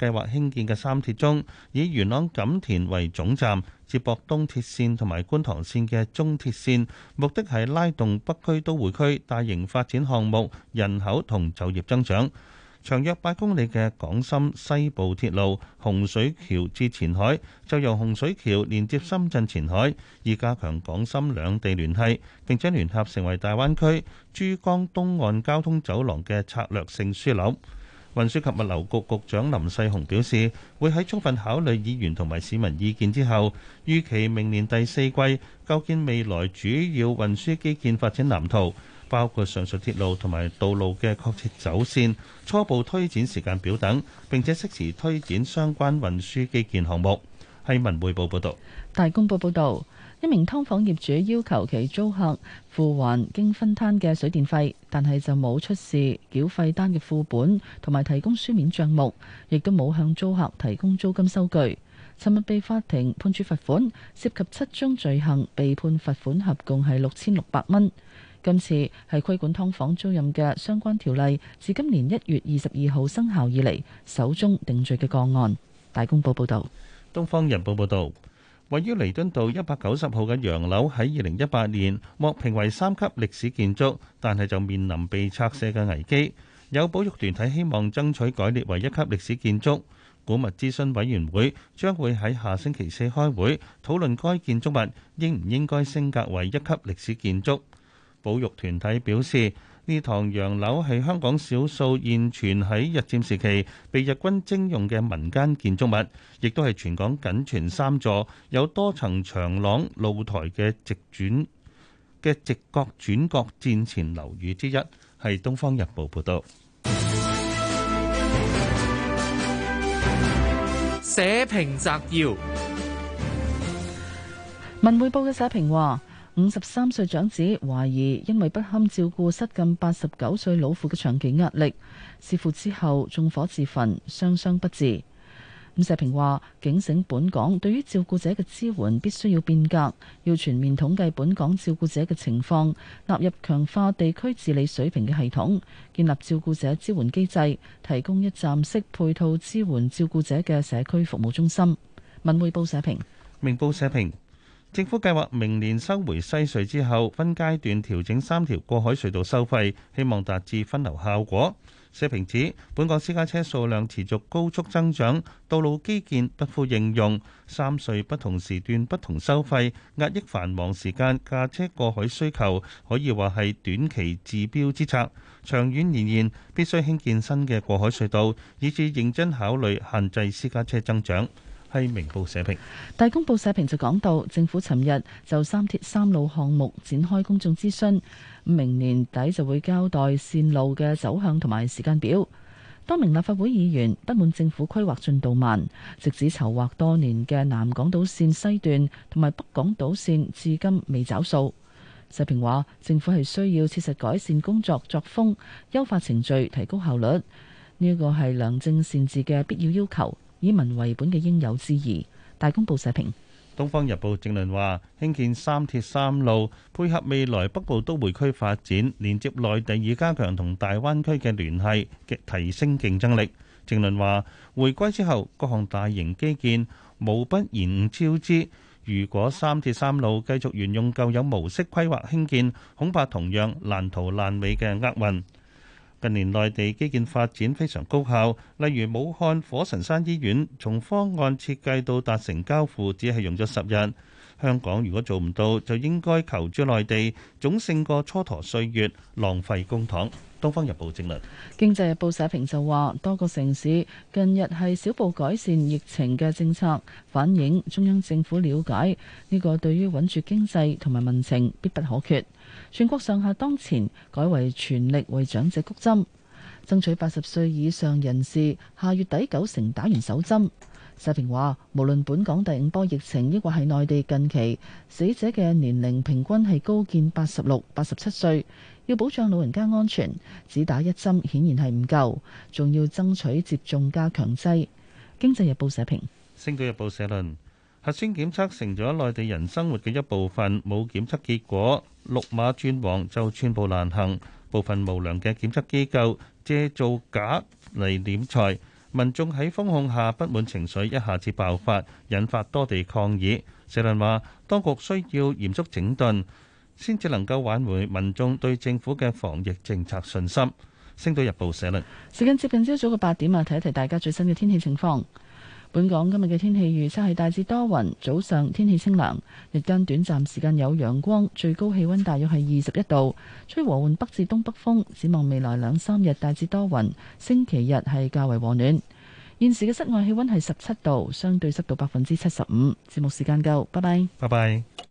計劃興建嘅三鐵中，以元朗錦田為總站，接駁東鐵線同埋觀塘線嘅中鐵線，目的係拉動北區都會區大型發展項目、人口同就業增長。長約八公里嘅港深西部鐵路，洪水橋至前海，就由洪水橋連接深圳前海，以加強港深兩地聯繫，並且聯合成為大灣區珠江東岸交通走廊嘅策略性樞紐。運輸及物流局局長林世雄表示，會喺充分考慮議員同埋市民意見之後預期明年第四季構建未來主要運輸基建發展藍圖，包括上述鐵路同埋道路嘅確切走線、初步推展時間表等，並且適時推展相關運輸基建項目。係文匯報報道，大公報報道。一名劏房業主要求其租客付還經分攤嘅水電費，但係就冇出示繳費單嘅副本，同埋提供書面賬目，亦都冇向租客提供租金收據，尋日被法庭判處罰款，涉及七宗罪行，被判罰款合共係六千六百蚊。今次係規管劏房租賃嘅相關條例自今年一月二十二號生效以嚟首宗定罪嘅個案。大公報報道。東方日報報道。位於彌敦道一百九十號嘅洋樓喺二零一八年獲評為三級歷史建築，但係就面臨被拆卸嘅危機。有保育團體希望爭取改列為一級歷史建築。古物諮詢委員會將會喺下星期四開會討論該建築物應唔應該升格為一級歷史建築。保育團體表示：呢堂洋樓係香港少數現存喺日戰時期被日軍徵用嘅民間建築物，亦都係全港僅存三座，有多層長廊、露台嘅直轉嘅直角轉角戰前樓宇之一。係東方日報報道。社評摘要：文匯報嘅社評話。五十三歲長子懷疑因為不堪照顧失禁八十九歲老父嘅長期壓力，事父之後縱火自焚，雙雙不治。咁社評話，警醒本港對於照顧者嘅支援必須要變革，要全面統計本港照顧者嘅情況，納入強化地區治理水平嘅系統，建立照顧者支援機制，提供一站式配套支援照顧者嘅社區服務中心。文匯報社評，明報社評。政府計劃明年收回西隧之後，分階段調整三條過海隧道收費，希望達至分流效果。社評指，本港私家車數量持續高速增長，道路基建不敷應用，三隧不同時段不同收費，壓抑繁忙時間駕車過海需求，可以話係短期治標之策。長遠而言，必須興建新嘅過海隧道，以至認真考慮限制私家車增長。係明報社評。大公報社評就講到，政府尋日就三鐵三路項目展開公眾諮詢，明年底就會交代綫路嘅走向同埋時間表。多名立法會議員不滿政府規劃進度慢，直指籌劃多年嘅南港島綫西段同埋北港島綫至今未找數。社評話政府係需要切實改善工作作風，優化程序，提高效率，呢、個係良政善治嘅必要要求。以民為本嘅應有之義。大公報社評，《東方日報》正論話：興建三鐵三路，配合未來北部都會區發展，連接內地，以加強同大灣區嘅聯繫，及提升競爭力。正論話：回歸之後，各項大型基建無不延誤超支。如果三鐵三路繼續沿用舊有模式規劃興建，恐怕同樣難逃爛尾嘅厄運。近年內地基建發展非常高效，例如武漢火神山醫院從方案設計到達成交付只係用咗十日。香港如果做唔到，就應該求助內地，總勝過蹉跎歲月、浪費公帑。《東方日報》正論，《經濟日報》社評就話：多個城市近日係小步改善疫情嘅政策，反映中央政府瞭解呢個對於穩住經濟同埋民情必不可缺。全國上下當前改為全力為長者谷針，爭取八十歲以上人士下月底九成打完首針。社評話，無論本港第五波疫情，抑或係內地近期，死者嘅年齡平均係高見八十六、八十七歲，要保障老人家安全，只打一針顯然係唔夠，仲要爭取接種加強劑。經濟日報社評，星島日報社論。核酸檢測成咗內地人生活嘅一部分，冇檢測結果，綠碼轉黃就寸步難行。部分無良嘅檢測機構借造假嚟斂財，民眾喺風控下不滿情緒一下子爆發，引發多地抗議。社論話，當局需要嚴肅整頓，先至能夠挽回民眾對政府嘅防疫政策信心。星島日報社論。時間接近朝早嘅八點啊，睇一睇大家最新嘅天氣情況。本港今日嘅天氣預測係大致多雲，早上天氣清涼，日間短暫時間有陽光，最高氣温大約係二十一度，吹和緩北至東北風。展望未來兩三日大致多雲，星期日係較為和暖。現時嘅室外氣温係十七度，相對濕度百分之七十五。節目時間夠，拜拜，拜拜。